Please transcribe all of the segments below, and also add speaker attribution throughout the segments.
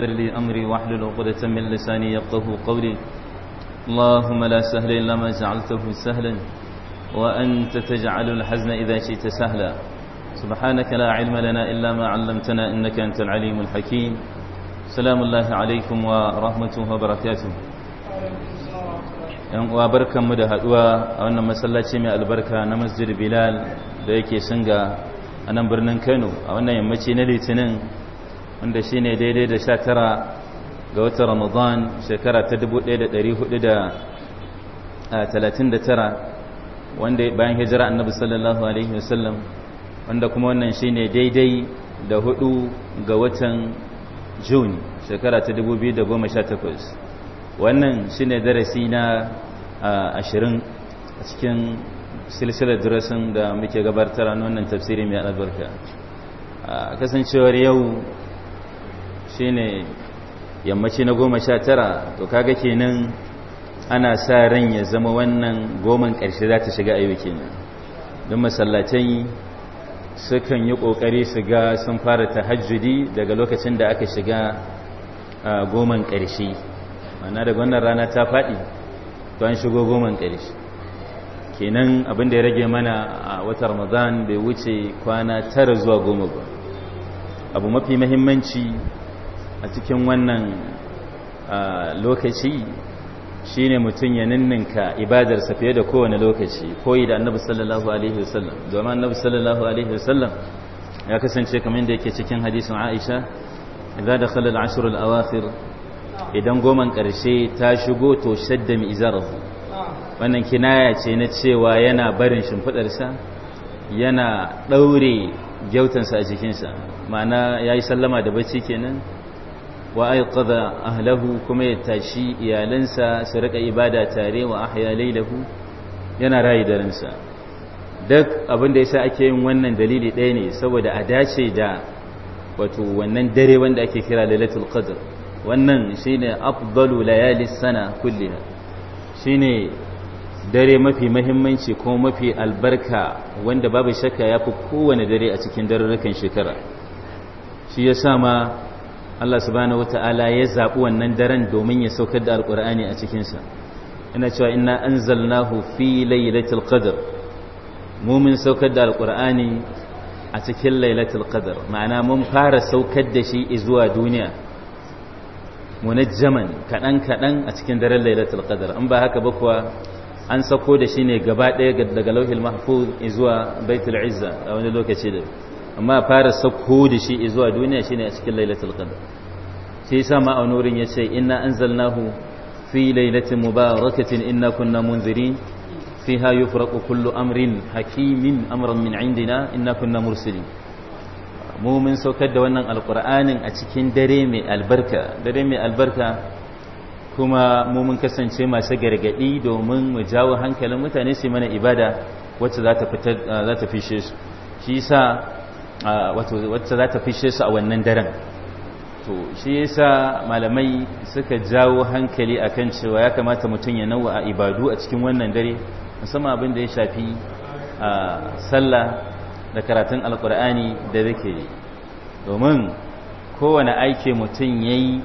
Speaker 1: يسر لي أمري واحلل عقدة من لساني يفقه قولي اللهم لا سهل إلا ما جعلته سهلا وأنت تجعل الحزن إذا شئت سهلا سبحانك لا علم لنا إلا ما علمتنا إنك أنت العليم الحكيم سلام الله عليكم ورحمته وبركاته yan uwa barkanmu da haduwa a wannan masallaci mai albarka na masjid bilal da yake shinga a nan birnin kano a wannan yammaci na litinin wanda shi ne daidai da sha tara ga watan ramadan shekara ta dubu ɗaya da da da ɗari talatin tara wanda bayan hijira annabi sallallahu alaihi wasallam wanda kuma wannan shi ne daidai da hudu ga watan june shekara ta dubu biyu da goma sha takwas wannan shi ne darasi na ashirin a cikin silsilar darasin da muke gabatar a wannan tafsirin mai albarka kasancewar yau ne yammaci na goma sha tara to kaga kenan ana sa ran ya zama wannan goman ƙarshe za ta shiga ayyuki don masallacin sukan yi ƙoƙari su ga sun fara tahajjudi daga lokacin da aka shiga goman ƙarshe mana daga wannan rana ta faɗi to an shigo goman ƙarshe kenan abin da ya rage mana a wata ramadan bai wuce kwana tara zuwa goma ba abu mafi mahimmanci a cikin wannan lokaci shi ne mutum ya ninninka ibadarsa fiye da kowane lokaci koyi da annabi sallallahu alaihi wasallam domin annabi sallallahu alaihi wasallam ya kasance kamar da yake cikin hadisin Aisha idza da al-ashr al idan goman karshe ta shigo to shadda mi izarahu wannan kinaya ce na cewa yana barin shimfidarsa yana ɗaure gyautansa a jikinsa ma'ana yayi sallama da bacci kenan wa aiqadha ahlahu kuma ya tashi iyalansa su rika ibada tare wa ahya lailahu yana rayi ransa duk abin da yasa ake yin wannan dalili ɗaya ne saboda a dace da wato wannan dare wanda ake kira lailatul qadr wannan shine afdalu layali sana kulliha shine dare mafi muhimmanci kuma mafi albarka wanda babu shakka yafi kowane dare a cikin darurukan shekara shi yasa ma Allah subhanahu wata'ala ya zaɓi wannan daren domin ya saukar da alƙur'ani a cikinsa ina cewa inna zalnahu fi lailatul qadr mumin saukar da alƙur'ani a cikin lailatul qadr ma'ana mun fara saukar da shi zuwa duniya munajjaman kaɗan kaɗan a cikin daren lailatul qadr in ba haka ba kuwa an sauko da shi ne gaba ɗaya daga lauhil mahfuz zuwa baitul izza a wani lokaci da amma fara sako da shi zuwa duniya shine a cikin lailatul qadr sa yasa ma anurin yace inna anzalnahu fi lailatin mubarakatin inna kunna munzirin fiha yufraqu kullu amrin hakimin amran min indina inna kunna mursilin mu mun saukar da wannan alqur'anin a cikin dare mai albarka dare mai albarka kuma mu mun kasance masu gargadi domin mu jawo hankalin mutane su mana ibada wacce za ta fitar za ta fishe su shi yasa wata za ta fishe su a wannan daren to shi yasa malamai suka jawo hankali akan cewa ya kamata mutum ya nawa a ibadu a cikin wannan dare musamman abin da ya shafi sallah da karatun alkur'ani da zake domin kowane aiki mutum ya yi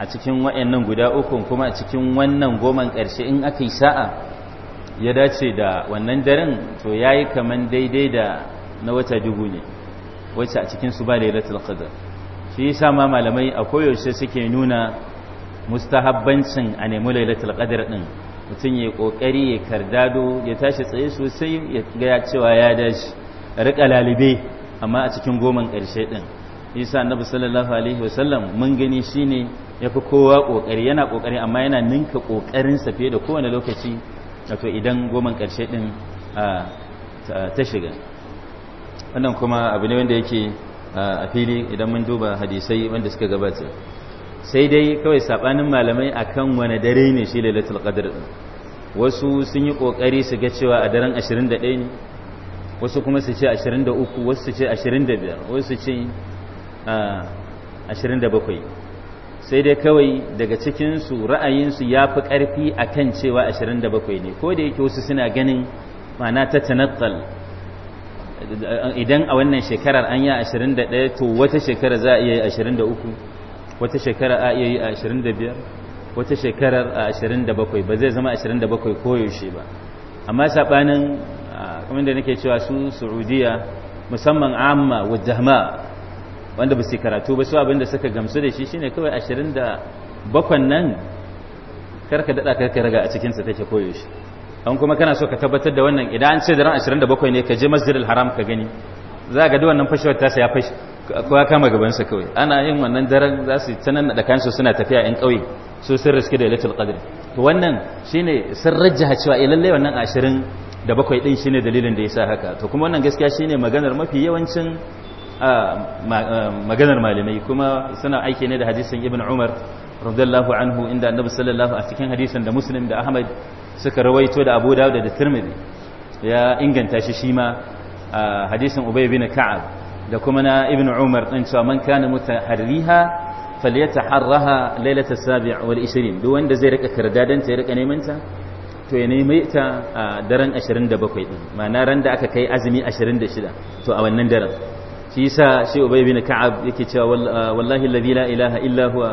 Speaker 1: a cikin waɗannan guda uku kuma a cikin wannan goman ƙarshe in aka yi sa'a ya dace da wannan daren to ya yi kaman daidai da na wata dubu ne wacce a cikin su da lailatul qadr shi yasa ma malamai a koyaushe suke nuna mustahabbancin a nemi lailatul qadr din mutum ya kokari ya kardado ya tashi tsaye sosai ya ga cewa ya dashi rika lalibe amma a cikin goman karshe din isa annabi sallallahu alaihi wasallam mun gani shine yafi kowa kokari yana kokari amma yana ninka kokarinsa fiye da kowane lokaci wato idan goman karshe din ta shiga wannan kuma abu ne wanda yake a fili idan mun duba hadisai wanda suka gabata sai dai kawai sabanin malamai akan wani dare ne shi lailatul qadr din wasu sun yi kokari su ga cewa a daren 21 ne wasu kuma su ce 23 wasu su ce 25 wasu su ce 27 sai dai kawai daga cikinsu ra'ayinsu ya fi ƙarfi a kan cewa 27 ne ko da yake wasu suna ganin mana ta tanattal idan a wannan shekarar an yi 21 to wata shekara za a iya yi 23 wata shekara a iya yi 25 wata shekarar a 27 ba zai zama 27 koyaushe ba amma saɓanin kamar da nake cewa su saudiya musamman amma wajahma wanda ba su karatu ba su abinda suka gamsu da shi shine kawai 27 nan karka daɗa karka raga a cikinsa take koyaushe an kuma kana so ka tabbatar da wannan idan an ce da ran 27 ne ka je masjidil haram ka gani za ga duk wannan fashewar tasa ya fashi kowa kama gabansa kawai ana yin wannan daren za su ta nan da kansu suna tafiya in kauye su sun riski da lailatul qadr to wannan shine sun rajjaha cewa eh lalle wannan 27 da bakwai din shine dalilin da yasa haka to kuma wannan gaskiya shine maganar mafi yawancin maganar malamai kuma suna aiki ne da hadisin ibn umar radiyallahu anhu inda annabi sallallahu a cikin hadisin da muslim da ahmad suka rawaito da abu dawud da tirmidhi ya inganta shi shi ma hadisin ubay bin ka'ab da kuma na ibn umar din cewa man kana falyata falyataharraha lailata sabi' wal 20 duk wanda zai rika kardadanta ya rika neman ta to ya nemi ta a daren 27 din ma'ana ran da aka kai azumi 26 to a wannan daren shi yasa shi ubay bin ka'ab yake cewa wallahi alladhi la ilaha illa huwa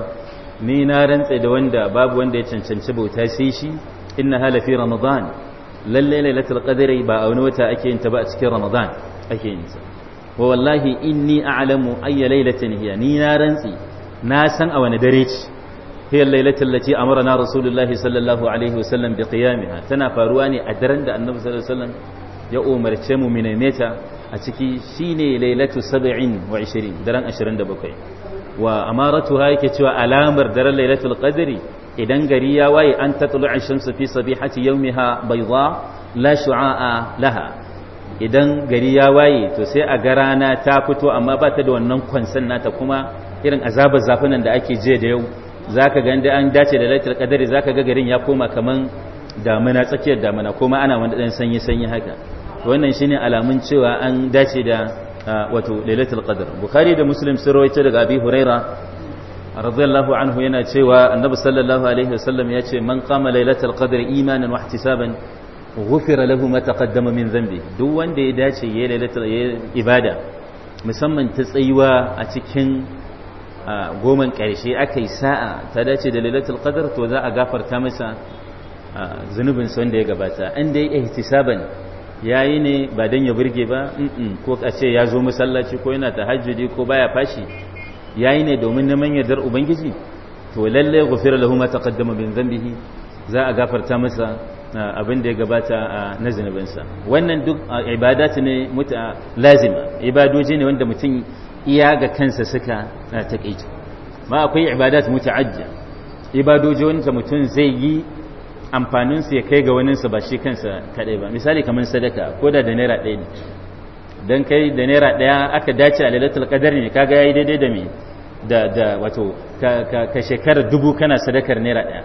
Speaker 1: ni na rantsa da wanda babu wanda ya cancanci bauta sai shi inna la fi ramadan lalle lailatul qadri ba a wani wata ake yin ta ba a cikin ramadan ake yin ta wa wallahi inni a'lamu aya lailatin hiya ni na rantsi na san a wani dare ce hiya lailatul lati amarna rasulullahi sallallahu alaihi wasallam bi qiyamiha tana faruwa ne a daren da annabi sallallahu ya umarce mu milimeta a ciki shine lailatu 27 daren 27 wa amaratuha yake cewa alamar daren lailatul qadri idan gari ya waye an tatlu ash-shamsu fi sabihati yawmiha bayda la shu'a'a laha idan gari ya waye to sai a ga rana ta fito amma ba ta da wannan kwansan nata kuma irin azabar zafinan da ake je da yau zaka ga inda an dace da lailatul qadri zaka ga garin ya koma kaman damina tsakiyar damina kuma ana wanda dan sanyi sanyi haka wannan shine alamun cewa an dace da wato lailatul qadr bukhari da muslim sun rawaito daga abi huraira radiyallahu anhu yana cewa annabi sallallahu alaihi wasallam ya ce man qama lailatul qadr imanan wa ihtisaban ghufira lahu ma taqaddama min dhanbi duk wanda ya dace yayin lailatul ibada musamman ta tsayuwa a cikin goman karshe aka sa'a ta dace da lailatul qadr to za a gafarta masa zunubin sa wanda ya gabata an dai ihtisaban ya yi ne ba don ya burge ba ko a ce ya zo masallaci ko yana tahajjudi ko baya fashi ya yi ne domin neman yardar ubangiji to lalle gufira lahu ma taqaddama min zambihi za a gafarta masa abin da ya gabata na sa wannan duk ibadati ne muta lazima ibadoji ne wanda mutum iya ga kansa suka taƙaice ma akwai muta'ajja ibadoji wanda mutum zai yi amfaninsu ya kai ga waninsu ba shi kansa kaɗai ba misali kamar sadaka ko da da naira ɗaya ne don kai da naira ɗaya aka dace a lalatul ƙadar ne kaga ya yi daidai da me da da wato ka ka shekara dubu kana sadakar naira ɗaya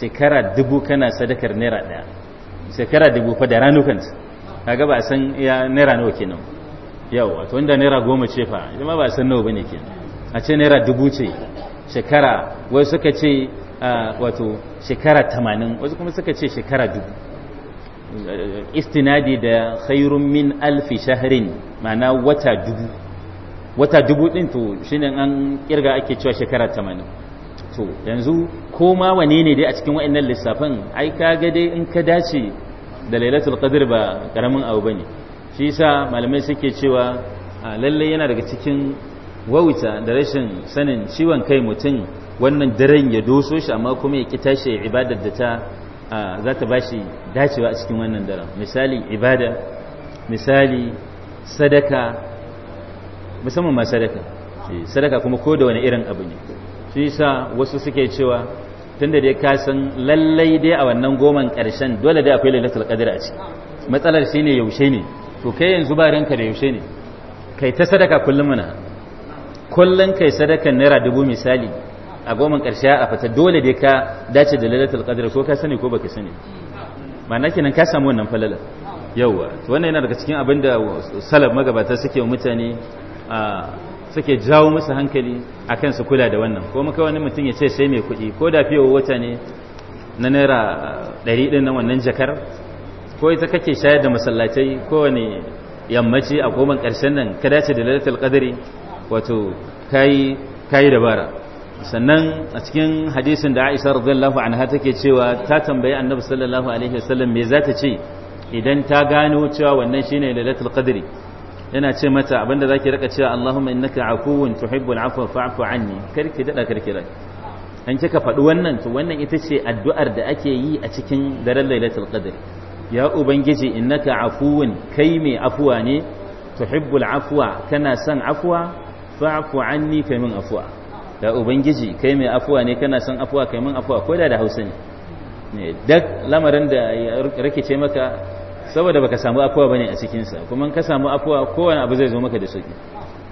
Speaker 1: shekara dubu kana sadakar naira ɗaya shekara dubu fa da ranukansu kaga ba a san ya naira nawa kenan yau wato inda naira goma ce fa ita ma ba a san nawa bane kenan a ce naira dubu ce shekara wai suka ce wato shekara tamanin wasu kuma suka ce shekara dubu istinadi da khairun min alfi shahrin ma'ana wata dubu wata dubu din to shine an kirga ake cewa shekara tamanin to yanzu ko ma wane ne dai a cikin wa'annan lissafin ai kaga dai in ka dace da lailatul qadr ba karamin abu bane shi yasa malamai suke cewa lalle yana daga cikin wawuta da rashin sanin ciwon kai mutum wannan daren ya doso shi amma kuma ya kita tashi ya ibadar da ta za ta ba shi dacewa a cikin wannan daren misali ibada misali sadaka musamman ma sadaka eh, sadaka kuma ko da wani irin abu ne shi sa wasu suke cewa tun dai ka san lallai dai a wannan goman ƙarshen dole dai akwai lailatul qadr a ciki matsalar ne yaushe ne to kai yanzu ba ranka da yaushe ne kai ta sadaka kullum mana kullum kai sadakan naira dubu misali a goman karshe a fata dole dai ka dace da lalata qadr ko ka sani ko baka sani ma'ana kenan ka samu wannan falala yawa to wannan yana daga cikin abin da salaf magabata suke wa mutane suke jawo musu hankali akan su kula da wannan ko muka wani mutum ya ce sai mai kuɗi ko da fiye wata ne na naira ɗari ɗin na wannan jakar ko ita kake shayar da masallatai ko kowane yammaci a goman karshen nan ka dace da lalatul qadari wato kayi kayi dabara sannan a cikin hadisin da Aisha radiyallahu anha take cewa ta tambaye Annabi sallallahu alaihi wasallam me za ta ce idan ta gano cewa wannan shine lailatul qadri yana ce mata abinda zaki rika cewa Allahumma innaka afuwun tuhibbul afwa fa'fu anni karki dada karki rai an kika faɗi wannan to wannan ita ce addu'ar da ake yi a cikin daren lailatul qadri ya ubangiji innaka afuwun kai mai afuwa ne tuhibbul afwa kana son afwa fa'fu anni kai min afwa da ubangiji kai mai afuwa ne kana son afuwa kai min afuwa ko da da hausa ne duk lamarin da ya rikice maka saboda baka samu afuwa bane a cikin sa kuma ka samu afuwa kowane abu zai zo maka da sauki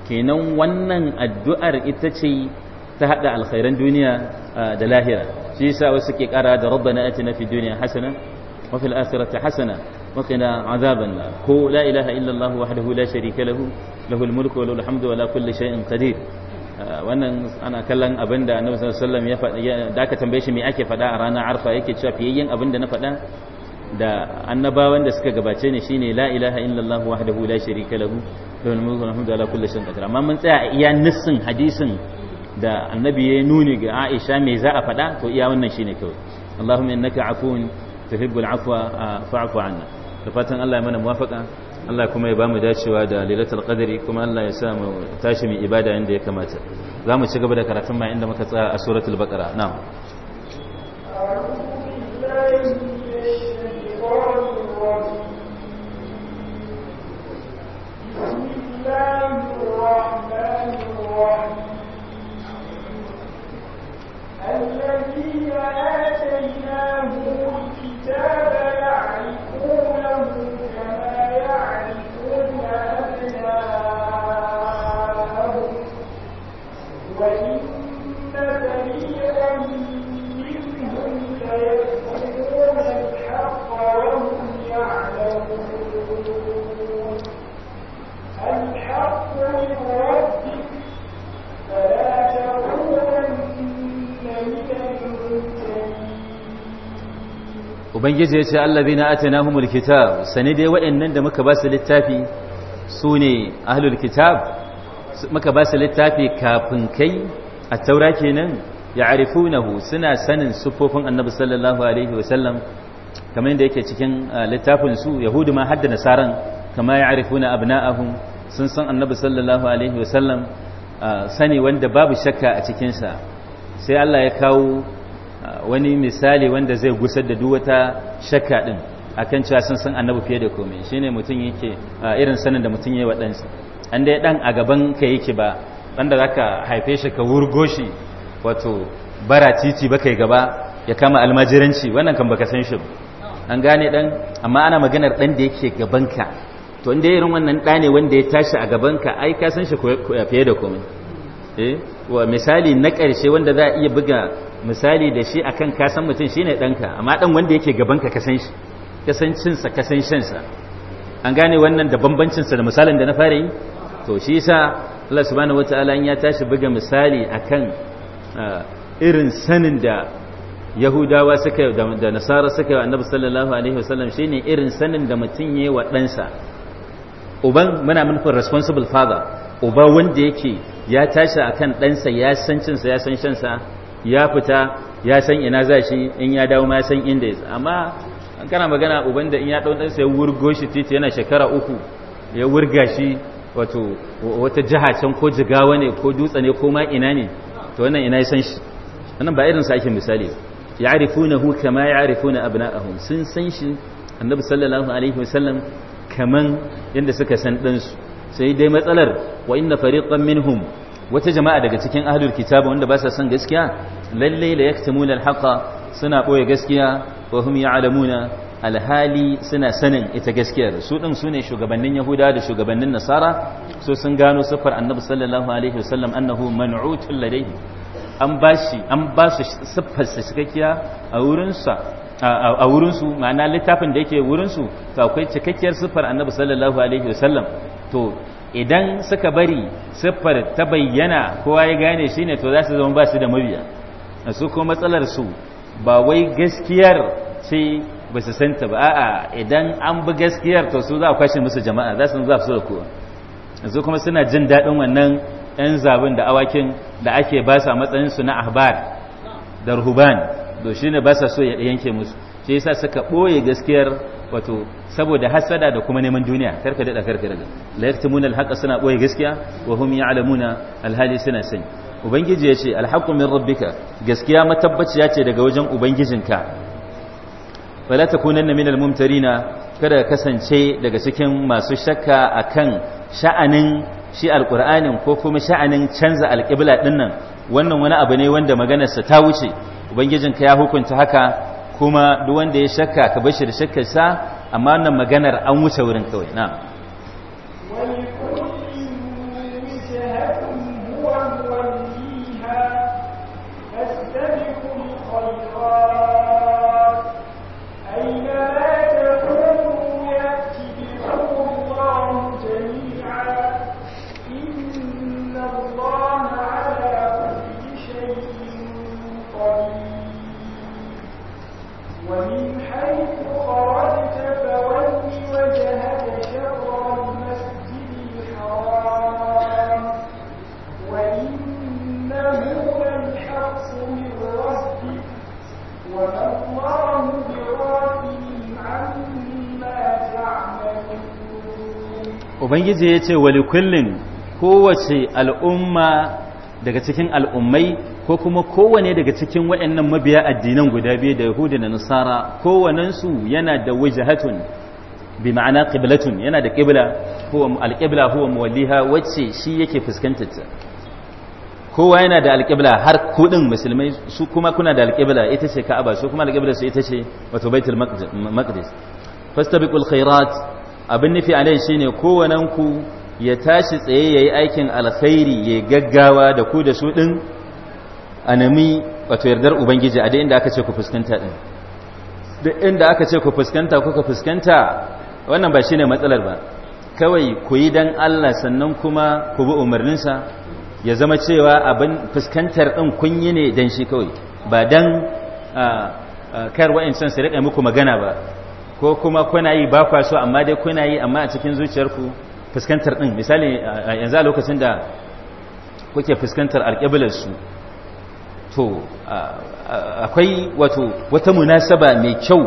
Speaker 1: kenan wannan addu'ar ita ce ta hada alkhairan duniya da lahira shi yasa wasu ke kara da rabbana atina fi dunya hasana wa fil akhirati hasana wa qina azaban ko la ilaha illa allah wahdahu la sharika lahu lahul mulku wa lahul hamdu wa la kulli shay'in qadir Eh, wannan ana kallon abin da annabi sallallahu ya faɗa da aka tambaye shi me ake faɗa a ranar arfa yake cewa fiyayyen abin da na faɗa da annabawan da suka gabace ne shine la ilaha illallah wahdahu la sharika lahu lahul mulku wa hamdu ala kulli shay'in qadir amma mun tsaya a iya nissin hadisin da annabi ya nuni ga Aisha me za a faɗa to iya wannan shine kawai Allahumma innaka afuwun tuhibbul afwa eh, fa'fu anna da fatan Allah ya mana muwafaqa Allah kuma ya bamu dacewa da lailatul qadri kuma Allah ya sa mu tashi mu ibada inda ya kamata zamu ci gaba da karatun ma inda muka tsaya a suratul baqara na'am ubangiji ya ce allazi na ake nahumul kitab sani dai waɗannan da muka ba su littafi su ne ahlul kitab muka ba su littafi kafin kai a taura kenan ya arifunahu suna sanin sufofin annabi sallallahu alaihi wasallam kamar yadda yake cikin littafin su yahudu ma hadda nasaran kama ya arifuna abna'ahum sun san annabi sallallahu alaihi wasallam sani wanda babu shakka a cikinsa sai Allah ya kawo wani misali wanda zai gusar da duk wata shakka din akan cewa sun san annabi fiye da komai shine mutum yake irin sanin da mutum yayi wa an dai dan a gaban ka yake ba wanda zaka haife shi ka wurgo shi wato bara titi ba kai gaba ya kama almajiranci wannan kan baka san shi an gane dan amma ana maganar dan da yake gaban ka to inda irin wannan da ne wanda ya tashi a gaban ka ai ka san shi fiye da komai eh wa misali na ƙarshe wanda za a iya buga misali da shi akan ka san mutum shine danka amma ɗan wanda yake gaban ka san shi kasancinsa sa an gane wannan da bambancinsa da misalin da na fara yi to shi yasa Allah subhanahu wataala ya tashi buga misali akan ah, irin sanin da Yahudawa suka da Nasara suka wa Annabi sallallahu alaihi wasallam shine irin sanin da mutum yayi wa ɗansa uban muna nufin responsible father uba wanda yake ya tashi akan ɗansa ya san sa ya san sa ya fita ya san ina za shi in ya dawo ma ya san inda ya amma an kana magana uban da in ya ɗau ɗansa ya wurgo shi titi yana shekara uku ya wurga shi wato wata jiha can ko jigawa ne ko dutse ne ko ma ina ne to wannan ina ya san shi wannan ba irin sa ake misali ya hu kama ya arifuna abna'ahum sun san shi annabi sallallahu alaihi wasallam kaman yadda suka san ɗansu sai dai matsalar wa inna fariqan minhum wata jama'a daga cikin ahlul kitab wanda ba sa son gaskiya lalle la yaktumuna alhaqa suna boye gaskiya wa hum ya'lamuna alhali suna sanin ita gaskiyar su din sune shugabannin yahuda da shugabannin nasara so sun gano sifar annabi sallallahu alaihi wasallam annahu man'utul ladayhi an bashi an ba su siffar cikakkiya a wurinsa a wurinsu ma'ana littafin da yake wurinsu to akwai cikakkiyar siffar annabi sallallahu alaihi wasallam to idan suka bari siffar ta bayyana kowa ya gane shi ne to za su zama ba su da mabiya su ko matsalar su ba wai gaskiyar ce ba su santa ba a'a idan an bi gaskiyar to su za a kwashe musu jama'a za su za su da kowa su kuma suna jin daɗin wannan yan zabin da awakin da ake ba su a matsayin su na ahbar da ruhuban to shi ne ba sa so ya yanke musu shi yasa suka ɓoye gaskiyar wato saboda hasada da kuma neman duniya karka dada karka daga la yaktumuna alhaqa suna boye gaskiya wa hum ya'lamuna alhali suna sani ubangiji ya ce min rabbika gaskiya matabbaciya ce daga wajen ubangijinka wala takunanna min almumtarina kada ka kasance daga cikin masu shakka akan sha'anin shi alqur'anin ko kuma sha'anin canza alqibla dinnan wannan wani abu ne wanda maganarsa ta wuce ubangijinka ya hukunta haka kuma duk wanda ya shakka ka bashir da sa amma wannan maganar an wuce wurin kawai na'am ubangiji ya ce wali kullin kowace al'umma daga cikin al'ummai ko kuma kowane daga cikin waɗannan mabiya addinan guda biyu da yahudu da nasara kowanensu yana da wajahatun bi ma'ana qiblatun yana da qibla huwa al-qibla huwa muwalliha wacce shi yake fuskantar ta kowa yana da alƙibla har kudin musulmai su kuma kuna da alƙibla ita ce ka'aba su kuma alƙibla su ita ce wato baitul maqdis fastabiqul khairat abin nufi a nan shine kowananku ya tashi tsaye ya yi aikin alkhairi ya gaggawa da ku da su din anami wato yardar ubangiji a duk inda aka ce ku fuskanta din duk inda aka ce ku fuskanta kuka fuskanta wannan ba shi ne matsalar ba kawai ku yi dan Allah sannan kuma ku bi umarninsa ya zama cewa abin fuskantar din kun yi ne don shi kawai ba dan ah, ah, kar wa'ancan su riƙa muku magana ba ko kuma kuna yi ba kwa so amma dai kuna yi amma a cikin zuciyarku fuskantar ɗin misali yanzu a lokacin da kuke fuskantar alƙiblarsu to akwai wato wata munasaba mai kyau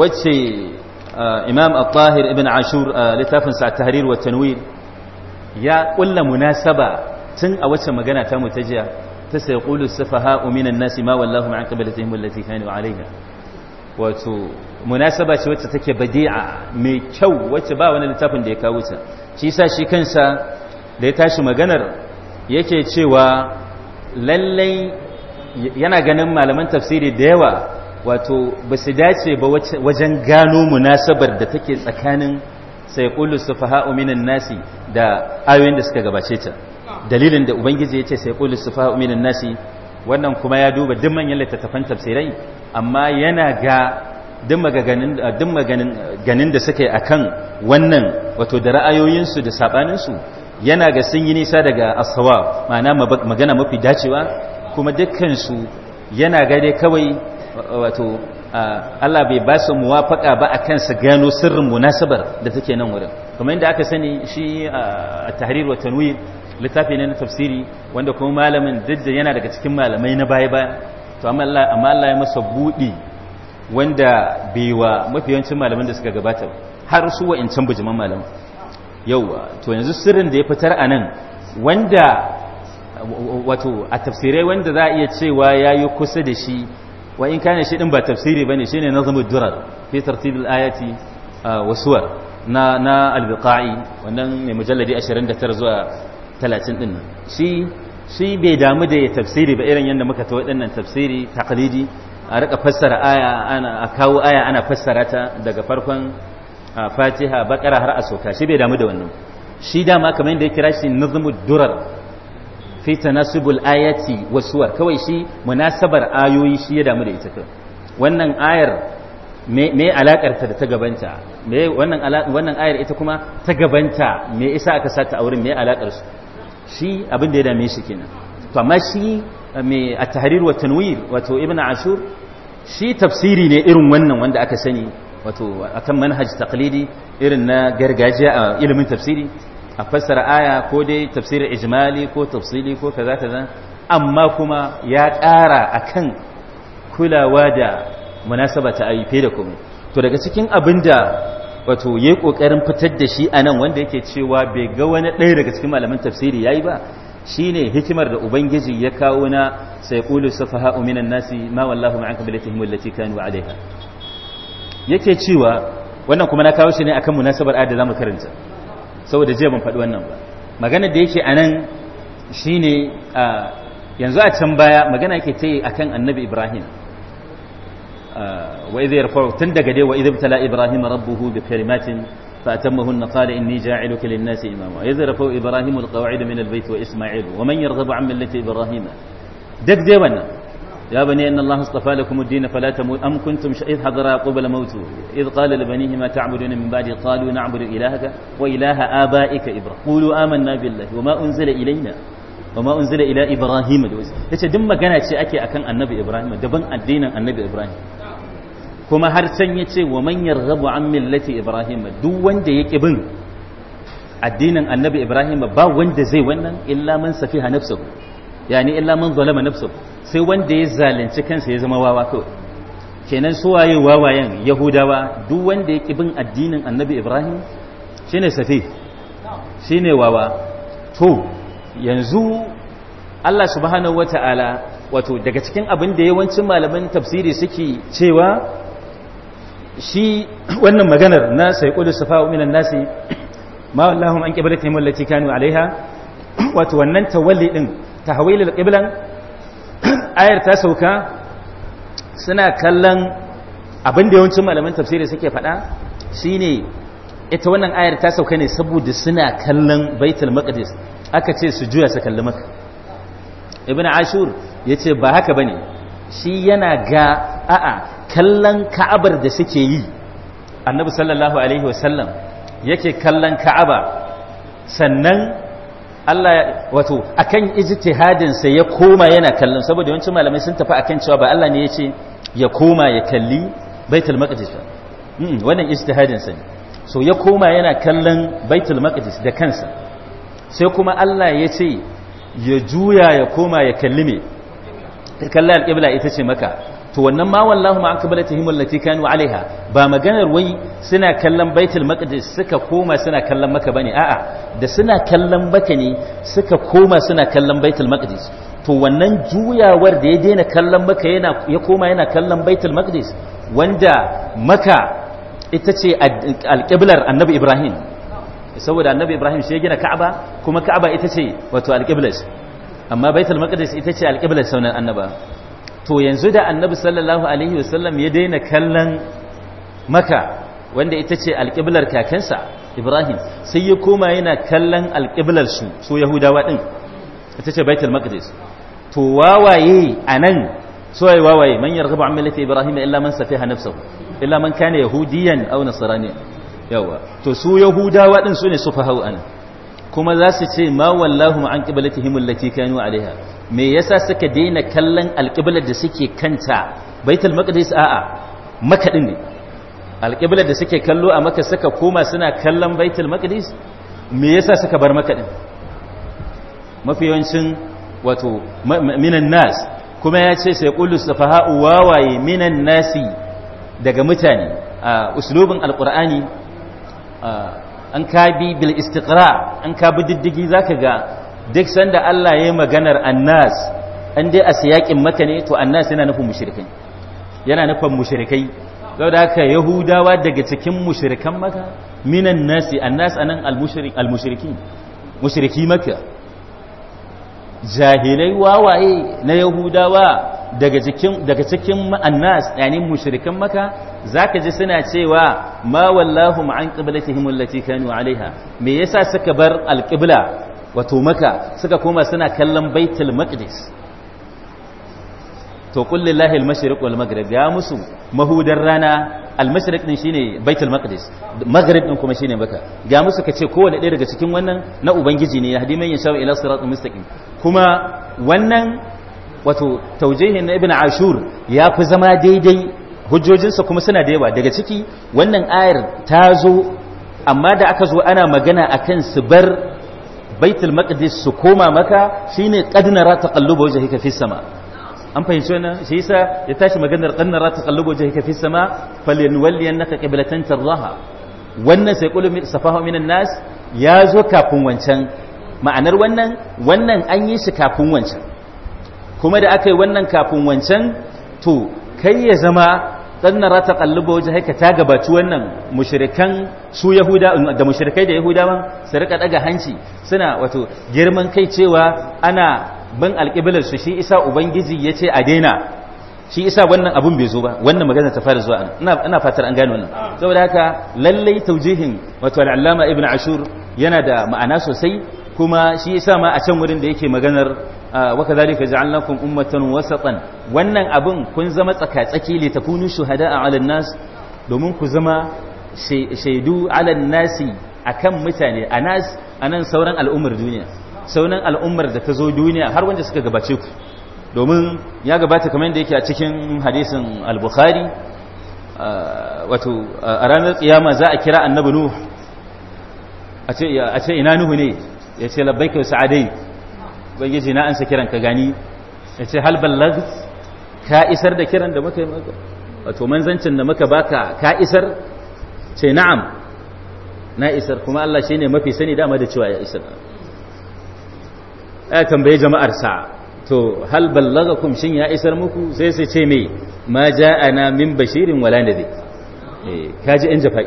Speaker 1: wacce imam al-tahir ibn ashur littafin sa tahrir wa tanwir ya kulla munasaba tun a wacce magana ta mutajiya ta sayqulu safaha'u minan nasi ma wallahu an qiblatihim allati kanu 'alayha wato munasaba ce wacce take badi'a mai kyau wacce ba wani littafin da ya kawo ta shi sa shi kansa da ya tashi maganar yake cewa lallai yana ganin malaman tafsiri da yawa wato ba su dace ba wajen gano munasabar da take tsakanin sai kullu sufaha'u minan nasi da ayoyin da suka gabace ta dalilin da ubangiji ya ce sai kullu sufaha'u minan nasi wannan kuma ya duba duk manyan littattafan tafsirai amma yana ga duk maganin da suke a kan wannan wato da ra'ayoyinsu da saɓaninsu yana ga sun yi nisa daga asawa ma'ana magana mafi dacewa kuma dukkansu yana ga kawai wato Allah bai ba su muwafaka ba akan su gano sirrin munasabar da take nan wurin kuma inda aka sani shi a tahrir wa tanwir littafi ne na tafsiri wanda kuma malamin duk yana daga cikin malamai na baya baya to amma Allah ya masa buɗi wanda bai wa yawancin malaman da suka gabata har su wa'incan bujiman malam yauwa to yanzu sirrin da ya fitar a nan wanda wato a tafsirai wanda za a iya cewa ya yi kusa da shi wa in kane shi ɗin ba tafsiri bane na zama durar fitar tartibil ayati wasuwar na na al wannan mai mujalladi 29 zuwa 30 din shi shi bai damu da ya tafsiri ba irin yadda muka ta waɗannan tafsiri taqlidi a rika fassara aya ana a kawo aya ana fassara ta daga farkon fatiha bakara har a soka shi bai damu da wannan shi dama kamar yadda ya kira shi nazmud durar fi tanasubul ayati wasuwar kawai shi munasabar ayoyi shi ya damu da ita wannan ayar me alakarta da ta gabanta me wannan ayar ita kuma ta gabanta me isa aka sata a wurin me alakar su shi abin da ya dame shi kenan to amma shi eh, mai at-tahrir wa tanwir wato ibn ashur shi tafsiri ne irin wannan wanda aka sani wato akan manhaj taqlidi irin na gargajiya a ilimin tafsiri a fassara aya ko dai tafsirin ijmali ko tafsili ko kaza kaza amma kuma ya ƙara akan kulawa da munasaba ta ayi da komai to daga cikin abin da wato yayi kokarin fitar da shi anan wanda yake cewa bai ga wani ɗaya daga cikin malaman tafsiri yi ba shine hikimar da ubangiji ya kawo na sai sayqulu safaha'u minan nasi ma wallahu ma'aka bilatihim allati kanu alaiha yake cewa wannan kuma na kawo shi ne akan munasabar ayat da zamu karanta saboda jiya ban faɗi wannan ba magana da yake anan shine yanzu a can baya magana yake ta yi akan annabi ibrahim wa idh yarfa'u tun daga dai wa idh tala ibrahim rabbuhu bi kalimatin fa atammahunna qala inni ja'iluka lin-nasi imama idh yarfa'u ibrahim al-qawa'ida min al-bayt wa isma'il wa man yarghabu 'an millati ibrahim duk dai wannan يا بني إن الله اصطفى لكم الدين فلا تموت أم كنتم ش... إذ حضر يعقوب الموت إذ قال لبنيه ما تعبدون من بعدي قالوا نعبد إلهك وإله آبائك إبراهيم قولوا آمنا بالله وما أنزل إلينا وما أنزل إلى إبراهيم الوزي يتدم مغانا شيء أكي أكن النبي إبراهيم دبن الدين النبي إبراهيم kuma har can ya ce wa man yarghabu an millati ibrahim duk wanda ya bin addinin annabi ibrahim ba wanda zai wannan illa man safiha nafsuhu yani illa man zalama nafsuhu sai wanda ya zalunci kansa ya zama wawa kawai kenan suwaye waye wawayen yahudawa duk wanda ya bin addinin annabi ibrahim shine safi shine wawa to yanzu Allah subhanahu wata'ala wato daga cikin abin da yawancin malaman tafsiri suke cewa shi wannan maganar na sai kudu safa minan nasi ma wallahu an qiblatihim lati kanu alaiha wato wannan tawalli din tahwil alqiblan ayar ta sauka suna kallon abin da yawancin malaman tafsiri suke faɗa shine ita wannan ayar ta sauka ne saboda suna kallon baitul maqdis aka ce su juya su kalli maka ibn ashur yace ba haka bane shi yana ga a'a kallon ka'abar da suke yi annabi sallallahu alaihi wasallam yake kallon ka'aba sannan Allah wato akan ijtihadin sa ya koma yana kallon saboda yawancin malamai sun tafi akan cewa ba Allah ne ya ce ya koma ya kalli baitul maqdis ba wannan ijtihadin sa ne so ya koma yana kallon baitul maqdis da kansa sai kuma Allah ya ce ya juya ya koma ya kalli me kallon alƙibla ita ce maka to wannan ma wallahu ma aqbalatihim allati kanu alaiha ba maganar wai suna kallon baitul maqdis suka koma suna kallon maka bane a'a da suna kallon maka ne suka koma suna kallon baitul maqdis to wannan juyawar da ya daina kallon maka yana ya koma yana kallon baitul maqdis wanda maka ita ce alƙiblar annabi ibrahim saboda annabi ibrahim shi ya gina ka'aba kuma ka'aba ita ce wato alƙiblar amma baitul maqdis ita ce alƙiblar saunan annaba to yanzu da annabi sallallahu alaihi wasallam ya daina kallon maka wanda ita ce alƙiblar kakansa ibrahim sai ya koma yana kallon alƙiblar su so yahudawa ɗin ita ce baitul maqdis to wawaye a nan suwaye wawaye man yarghabu an millati ibrahim illa man safiha nafsahu illa man kana yahudiyan aw nasraniyan yawa to su yahudawa din su ne sufahau anan kuma za su ce ma wallahu an qiblatihim allati kanu alaiha me yasa suka daina kallon alqiblar da suke kanta baitul maqdis a'a maka din ne alqiblar da suke kallo a maka suka koma suna kallon baitul maqdis me yasa suka bar maka din mafi yawancin wato minan nas kuma ya ce sai qulu safaha'u wawaye minan nasi daga mutane a uslubin alqur'ani an ka bi bil istiqra an ka bi diddigi zaka ga duk sanda Allah yi maganar annas an dai a siyakin maka ne to annas yana nufin mushrikai yana nufin mushrikai saboda haka yahudawa daga cikin mushrikan maka minan nasi annas anan al-mushrik al mushriki mushriki maka jahilai wawaye na yahudawa daga cikin daga cikin annas yani mushrikan maka za ka ji suna cewa ma wallahu an qiblatihim allati kanu alaiha me yasa suka bar alqibla wato maka suka koma suna kallon baitul maqdis to qul lillahi al-mashriq wal maghrib ya musu mahudar rana al-mashriq din shine baitul maqdis maghrib din kuma shine maka ga musu kace ko ɗaya daga cikin wannan na ubangiji ne ya hadi man yasha ila siratal mustaqim kuma wannan wato taujihin na ibn ashur ya fi zama daidai hujjojinsa kuma suna da yawa daga ciki wannan ayar ta zo amma da aka zo ana magana akan su bar baitul maqdis su koma maka shine qad taqallubu wajhika fi sama an fahimci wannan shi yasa ya tashi maganar qad nara taqallubu wajhika fi sama falyanwalliyannaka qiblatan wannan sai qulu safahu minan nas ya zo kafin wancan ma'anar wannan wannan an yi shi kafin wancan kuma da aka yi wannan kafin wancan to kai ya zama tsanara ta kalluba wajen haika ta gabaci wannan mushirikan su yahuda da mushirikai da ba su rika daga hanci suna wato girman kai cewa ana ban alƙiblar su shi isa ubangiji ya ce a daina shi isa wannan abun bai zo ba wannan magana ta fara zuwa ina fatar an gano wannan saboda haka lallai taujihin wato al'allama ibn ashur yana da ma'ana sosai kuma shi isa ma a can wurin da yake maganar wa kadhalika ja'alnakum ummatan wasatan wannan abin kun zama tsakatsaki li takunu shuhada'a 'ala nas domin ku zama shaidu 'ala nasi akan mutane anas anan sauran al'ummar duniya sauran al'ummar da ta zo duniya har wanda suka gabace ku domin ya gabata kamar da yake a cikin hadisin al-bukhari wato a ranar kiyama za a kira annabi nuh a ce ina nuhu ne ya ce labbaika sa'adai ubangiji na ansa kiran ka gani ya ce hal ballag ka isar da kiran da muka yi maka wato manzancin da muka baka ka isar ce na'am na isar kuma Allah shine mafi sani dama da cewa ya isar ya tambaye jama'ar sa to hal ballagakum shin ya isar muku sai sai ce me ma ja'ana min bashirin wala nadhi eh kaji in jafai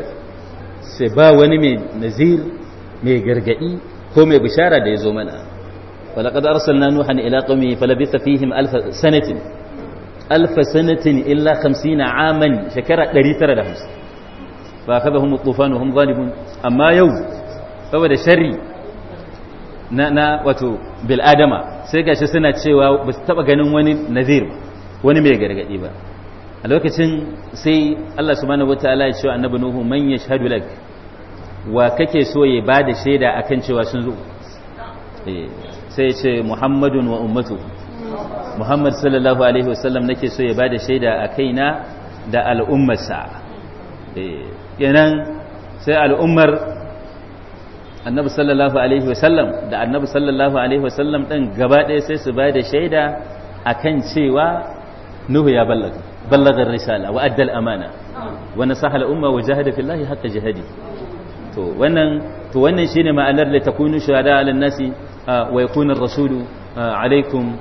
Speaker 1: sai ba wani mai nazir mai gargadi ko mai bishara da ya zo mana ولقد أرسلنا نوحا إلى قومه فلبث فيهم ألف سنة ألف سنة إلا خمسين عاما شكرا لريتر لهم فأخذهم الطوفان وهم ظالمون أما يوم فهو شري na na wato bil'adama sai gashi suna cewa ba taba ganin wani nazir wani mai gargaɗi ba a lokacin sai Allah subhanahu wataala ya ce annabi nuhu man yashhadu lak wa kake so ya bada shaida akan cewa sun zo sai ce muhammadun wa ummatu muhammad sallallahu alaihi wasallam nake so ya bada shaida a kaina da al'ummarsa eh, kenan sai al'ummar annabi sallallahu alaihi wasallam da annabi sallallahu alaihi wasallam din gaba ɗaya sai su bada shaida a kan cewa nuhu ya ballaga ballagar risala wa addal amana wa nasaha al'umma wa jahada fillahi haka jihadi to wannan to wannan shine ma'anar la takunu shuhada 'ala nasi wa yakuna rasulu alaikum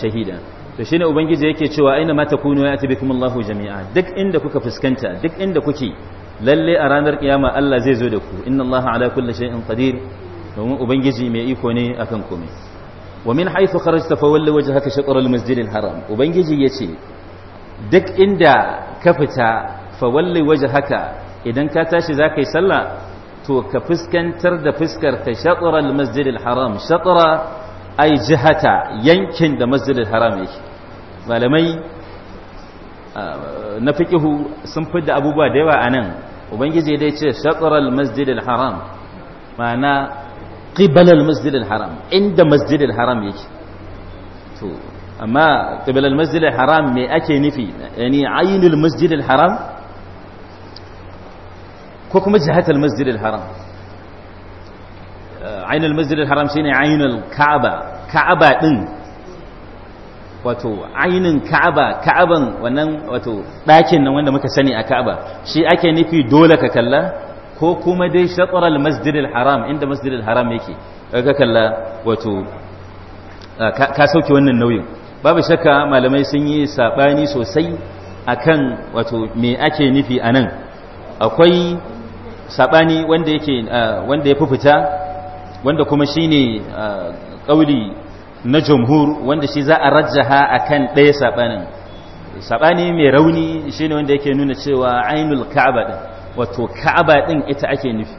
Speaker 1: shahida to shine ubangiji yake cewa aina ma takunu ya bikum Allahu jami'a duk inda kuka fuskanta duk inda kuke lalle a ranar kiyama Allah zai zo da ku inna Allaha ala kulli shay'in qadir domin ubangiji mai iko ne akan komai wa min haythu kharajta fa wajhaka shatr al-masjid al-haram ubangiji yace duk inda ka fita fa walli wajhaka idan ka tashi zakai sallah to ka fuskantar da fuskar ka shatrar masjidil haram shatra ai jihata yankin da masjidil haram yake malamai na fiqihu sun fidda abubuwa da yawa anan ubangiji dai ce shatral masjidil haram ma'ana qibalal masjidil haram inda masjidil haram yake to amma qibalal masjidil haram me ake nufi yani ainul masjidil haram ko kuma jihatar masjidil haram eh, ainul masjidil haram shine ainul ka'aba ka'aba ɗin wato ainin ka'aba ka'aban wannan wato ɗakin nan wanda muka sani a ka'aba shi ake nufi dole ka kalla ko kuma dai shataral masjidil haram inda masjidil haram yake ka kalla wato eh, ka sauke wannan nauyin babu shakka malamai sun yi sabani sosai akan wato me ake nufi anan akwai sabani wanda yake ah, wanda ya fita wanda kuma shine kauli ah, na jumhur wanda shi za a rajjaha akan ɗaya sabanin sabani mai rauni shine wanda yake nuna cewa ainul ka'aba din wato ka'aba din ita ake nufi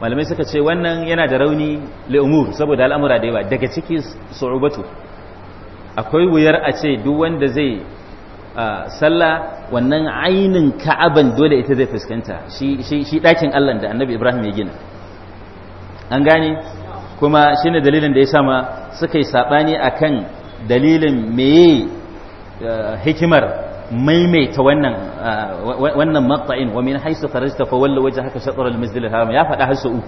Speaker 1: malamai suka ce wannan yana da rauni umur saboda al'amura da yawa daga ciki su'ubatu akwai wuyar a ce duk wanda zai sallah wannan ainin ka'aban dole ita zai fuskanta shi ɗakin allah da annabi ibrahim ya gina an gane kuma shi ne dalilin da ya sama suka yi saɓani a kan dalilin mai eh, hikimar maimaita wannan eh, wannan matsa'in wa min haisu farajta fa walla waje haka shatsar al-masjid haram ya faɗa har uku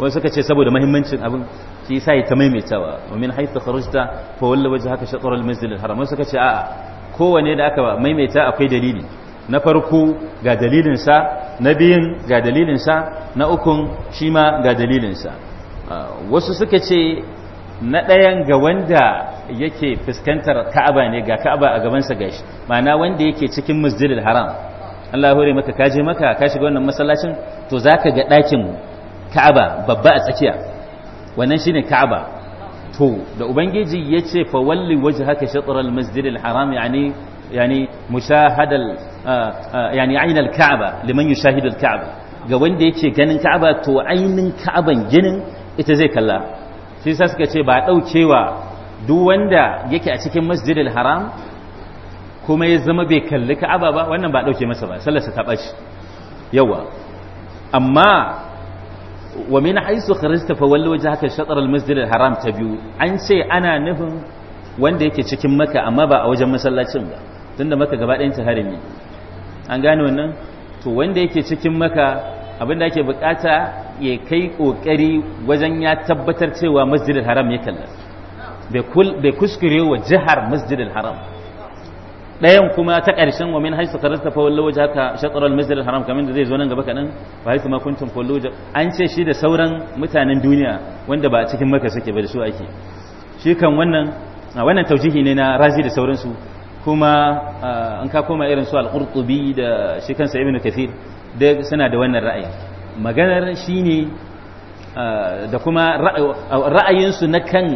Speaker 1: wani suka ce saboda mahimmancin abin shi sa ya ta maimaitawa wa min haisu farajta fa walla waje haka shatsar al-masjid haram wani suka ce a'a kowane da aka maimaita akwai dalili na farko ga dalilinsa na biyun ga dalilinsa na ukun shi ma ga dalilinsa ah, wasu suka ce na ɗayan ga wanda yake fuskantar ka'aba ne ga ka'aba a gabansa gashi ma'ana wanda yake cikin masjidil haram Allah hore maka kaje maka ka shiga wannan masallacin to zaka ga ɗakin ka'aba babba a tsakiya wannan shine ka'aba to da ubangiji ya ce fa walli waje haka shatarar masjidil haram yani yani mushahadal yani ainal ka'aba liman yushahidul ka'aba ga wanda yake ganin ka'aba to ainin ka'aban ginin ita zai kalla shi sa suka ce ba daukewa duk wanda yake a cikin masjidil haram kuma ya zama bai kalli ka'aba ba wannan ba dauke masa ba sallarsa ta bashi yawa amma wa min haisu kharista fa wallu wajhaka shatr al-masjid al-haram ta biyu an ce ana nufin wanda yake cikin maka amma ba a wajen masallacin ba tunda maka gaba ɗayan ta harami an gane wannan to wanda yake cikin maka abinda ake bukata ya kai kokari wajen ya tabbatar cewa masjid al-haram ya kalla bai kuskure wa jihar masjid al-haram ɗayan kuma ta ƙarshen wa min haisu karasta fa wallo waje haka al-masjid al-haram kamin da zai zo nan gaba kaɗan fa haisu ma kuntum fa an ce shi da sauran mutanen duniya wanda ba a cikin maka suke ba da su ake shi kan wannan wannan tawjihi ne na razi da sauransu kuma an ka koma irin su al-qurtubi da shi kansa ibnu kathir da suna da wannan ra'ayi maganar shine da kuma ra'ayinsu na kan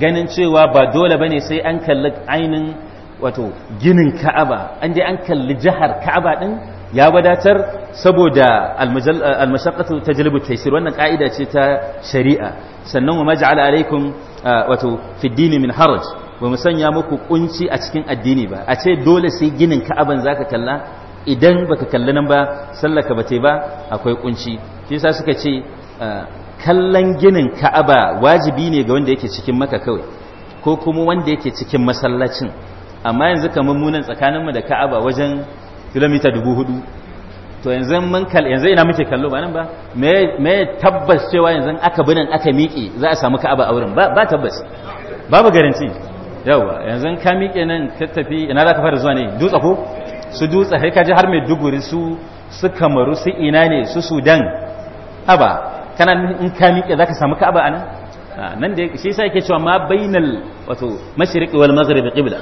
Speaker 1: ganin cewa ba dole bane sai an kalli ainin wato ginin ka'aba an je an kalli jihar ka'aba din ya wadatar saboda ta tajlibu taysir wannan ka'ida ce ta shari'a sannan wa maj'ala alaikum wato fi min haraj ba mu sanya muku kunci a cikin addini ba a ce dole sai ginin ka'aban zaka kalla idan baka kalli nan ba sallaka ba ba akwai kunci shi yasa suka ce kallon ginin ka'aba wajibi ne ga wanda yake cikin maka kawai ko kuma wanda yake cikin masallacin amma yanzu kamar munan tsakaninmu da ka'aba wajen kilomita dubu hudu to yanzu mun kal yanzu ina muke kallo ba nan ba me me tabbas cewa yanzu aka bi nan aka miƙe za a samu ka'aba a wurin ba ba tabbas babu garanti yawa yanzu ka miƙe nan ka tafi ina za ka fara zuwa ne dutsa ko su dutse kai ka ji har mai duguri su su kamaru su ina ne su sudan haba kana in ka miƙe za ka samu ka'aba a nan nan da shi yasa yake cewa ma bainal wato mashriqi wal maghribi qibla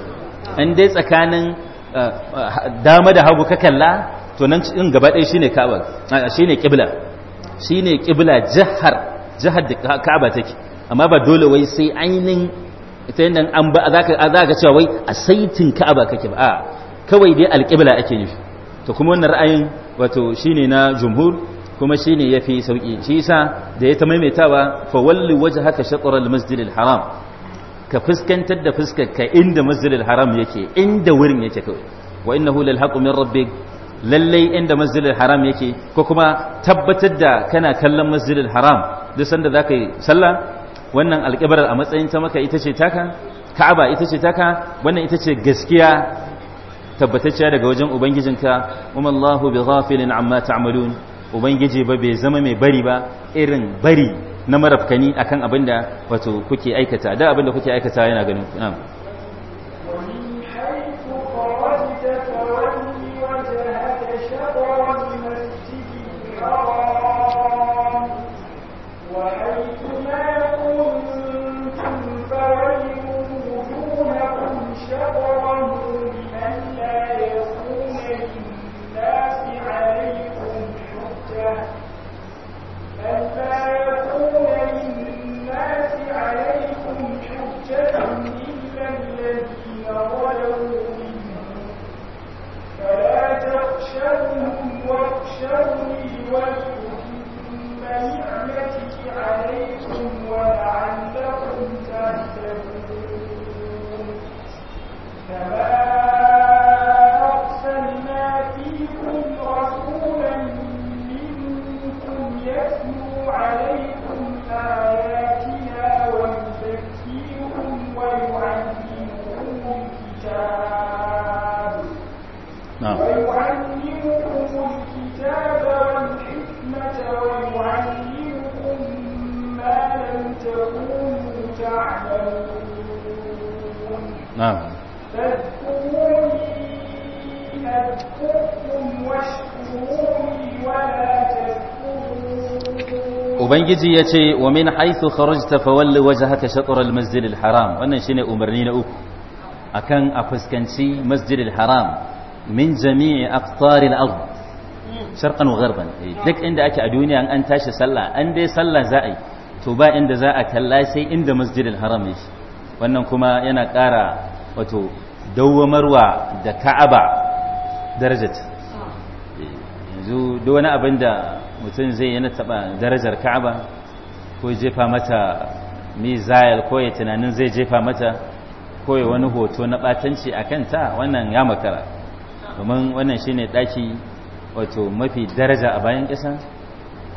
Speaker 1: in dai tsakanin uh, uh, dama da hagu ka kalla to nan in gaba ɗaya shine Ka'aba uh, shine shine jihar jihar da Ka'aba take amma ba dole wai sai ainin ita an ba zaka cewa wai a saitin Ka'aba kake ba kawai dai alƙibla ake nufi to kuma wannan ra'ayin wato shine na jumhur kuma shine yafi sauki shi yasa da ya ta maimaitawa fa walli wajhaka shatr masjidil haram ka fuskantar da fuskar ka inda masjidil haram yake inda wurin yake kawai wa innahu lil min rabbik lallai inda masjidil haram yake ko kuma tabbatar da kana kallon masjidil haram duk sanda zaka yi sallah wannan alƙibarar a matsayin ta maka ita ce taka ka'aba ita ce taka wannan ita ce gaskiya tabbatacciya daga wajen ubangijinka kuma Allahu bi ghafilin amma ta'malun ubangiji ba bai zama mai bari ba irin bari na marafkani akan abinda da wato kuke aikata da abin da kuke aikata yana ganin ubangiji ya ce wa min haithu kharajta fawalli wajhaka shatr al-masjid al-haram wannan shine umarni na uku akan a fuskanci masjid al-haram min jami'i aqtar al-ard sharqan wa gharban eh, duk inda ake a duniya an tashi sallah an dai sallah za a yi to ba inda za a kalla sai inda masjid al-haram yake wannan kuma yana ƙara wato dawwamarwa da ka'aba darajat
Speaker 2: eh,
Speaker 1: yanzu duk wani abin da mutum zai yana taɓa darajar ka'aba ko jefa mata mizayal ko ya tunanin zai jefa mata ko ya wani hoto na ɓatanci a kanta wannan ya makara domin wannan shi ne ɗaki wato mafi daraja a bayan ƙasa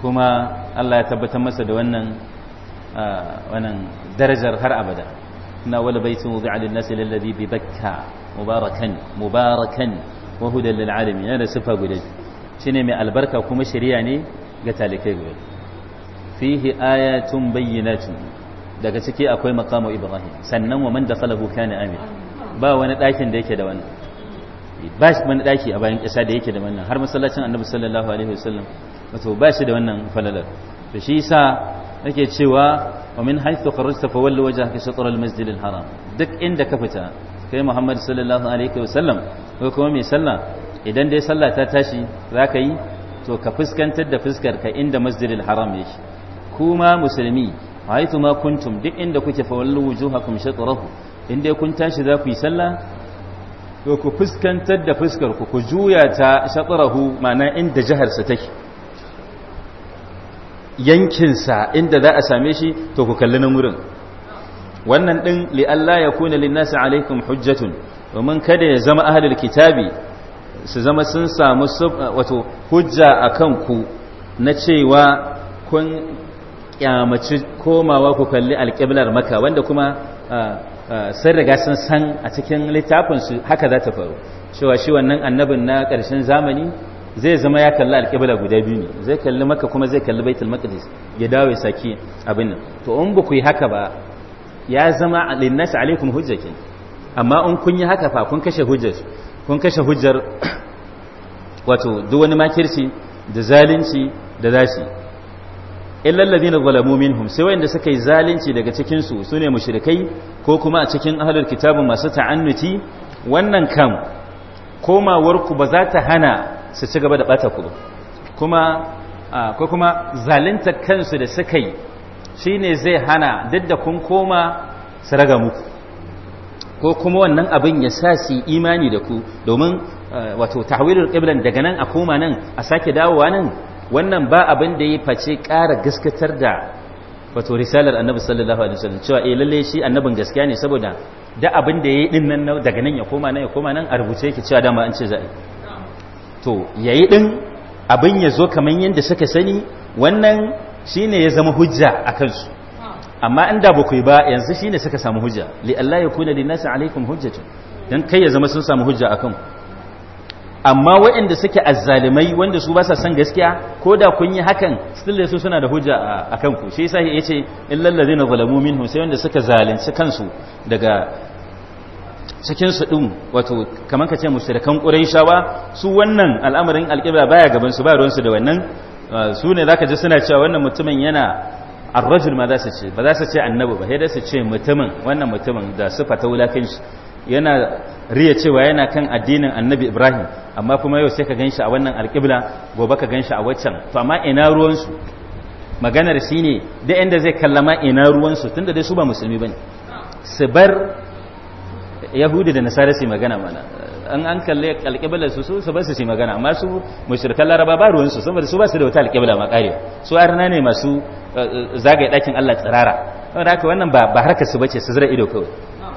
Speaker 1: kuma Allah ya tabbatar masa da wannan wannan darajar har abada na wala baitin wuga alin nasi lallabi bi bakka mubarakan mubarakan wahudan da yana da yana sifa guda shine mai albarka kuma shari'a ne ga talikai gobe fihi ayatun bayyinatun daga ciki akwai maqamu ibrahim sannan wa man dakhalahu kana amin ba wani dakin da yake da wannan ba shi wani daki a bayan kasa da yake da wannan har masallacin annabi sallallahu alaihi wasallam wato ba shi da wannan falalar to shi yasa nake cewa wa min haythu kharajta walli wajhaka shatr al-masjid al-haram duk inda ka fita kai muhammad sallallahu alaihi wasallam ko kuma mai sallah idan dai sallah ta tashi za ka yi to ka fuskantar da fuskar ka inda masjidil haram yake kuma musulmi haithu ma kuntum duk inda kuke fa wallu wujuhakum shatrahu in dai kun tashi za ku yi sallah to ku fuskantar da fuskar ku ku juya ta shatrahu ma'ana inda jihar sa take yankin sa inda za a same shi to ku kalli na wurin wannan din li Allah ya kuna lin nasi alaikum hujjatun domin kada ya zama ahlul kitabi su zama sun samu eh, wato hujja a kanku na cewa kun kyamaci komawa ku kalli alƙiblar maka wanda kuma eh, eh, sun riga sun san a cikin littafinsu haka za ta faru cewa shi wannan annabin na ƙarshen zamani zai zama ya kalli alƙiblar guda biyu ne zai kalli maka kuma zai kalli baitul maqdis ya dawo ya saki abin nan to in ba ku yi haka ba ya zama linnas alaikum hujjatin amma in kun yi haka fa kun kashe hujjar kun kashe hujjar wato duk wani makirci da zalunci da zashi illal ladina zalamu minhum sai wanda suka yi zalunci daga cikin su sune mushrikai ko kuma a cikin ahlul kitabu masu ta'annuti wannan kam komawar ku ba za ta hana su ci gaba da bata ku kuma ko kuma zalunta kansu da suka yi shine zai hana duk da kun koma su raga muku ko kuma wannan abin ya sa su imani da ku domin eh, wato tahwilul qiblan daga nan a koma nan a sake dawowa nan wannan ba abin da ya face ƙara gaskatar da wato risalar annabi sallallahu alaihi wasallam cewa eh lalle shi annabin gaskiya ne saboda da abin da yayi din nan daga nan ya koma nan ya koma nan a rubuce yake cewa dama an ce za'i to yayi din abin ya zo kaman yanda suka sani wannan shine ya zama hujja a su. amma in da bakwai ba yanzu shi ne suka samu hujja li Allah ya kuna linnasi alaikum hujjata don kai ya zama sun samu hujja a ku amma waɗanda suke azzalimai wanda su ba sa son gaskiya ko da kun yi hakan still su suna da hujja akan ku shi yasa ce illal ladina zalamu minhum sai wanda suka zalunci kansu daga cikin su din wato kaman ka ce mushrikan quraishawa su wannan al'amarin alqibla baya gaban su ba ruwan su da wannan su ne zaka ji suna cewa wannan mutumin yana ar-rajul ma za su ce ba za su ce annabi ba sai da su ce mutumin wannan mutumin da sifa ta shi yana riya cewa yana kan addinin annabi ibrahim amma kuma yau sai ka ganshi a wannan alƙibla gobe ka ganshi a waccan to amma ina ruwansu maganar shi ne da inda zai kallama ina ruwansu tunda dai su ba musulmi bane su bar yahudi da nasara su magana mana An an kalle alƙiblar su su ba su shi magana amma su mushrikan laraba ba ruwan su saboda su ba su da wata alƙibla ma ƙare su arna ne masu eh, eh, zagaye dakin Allah tsirara saboda haka wannan ba ba harkar su bace su zira ido kawai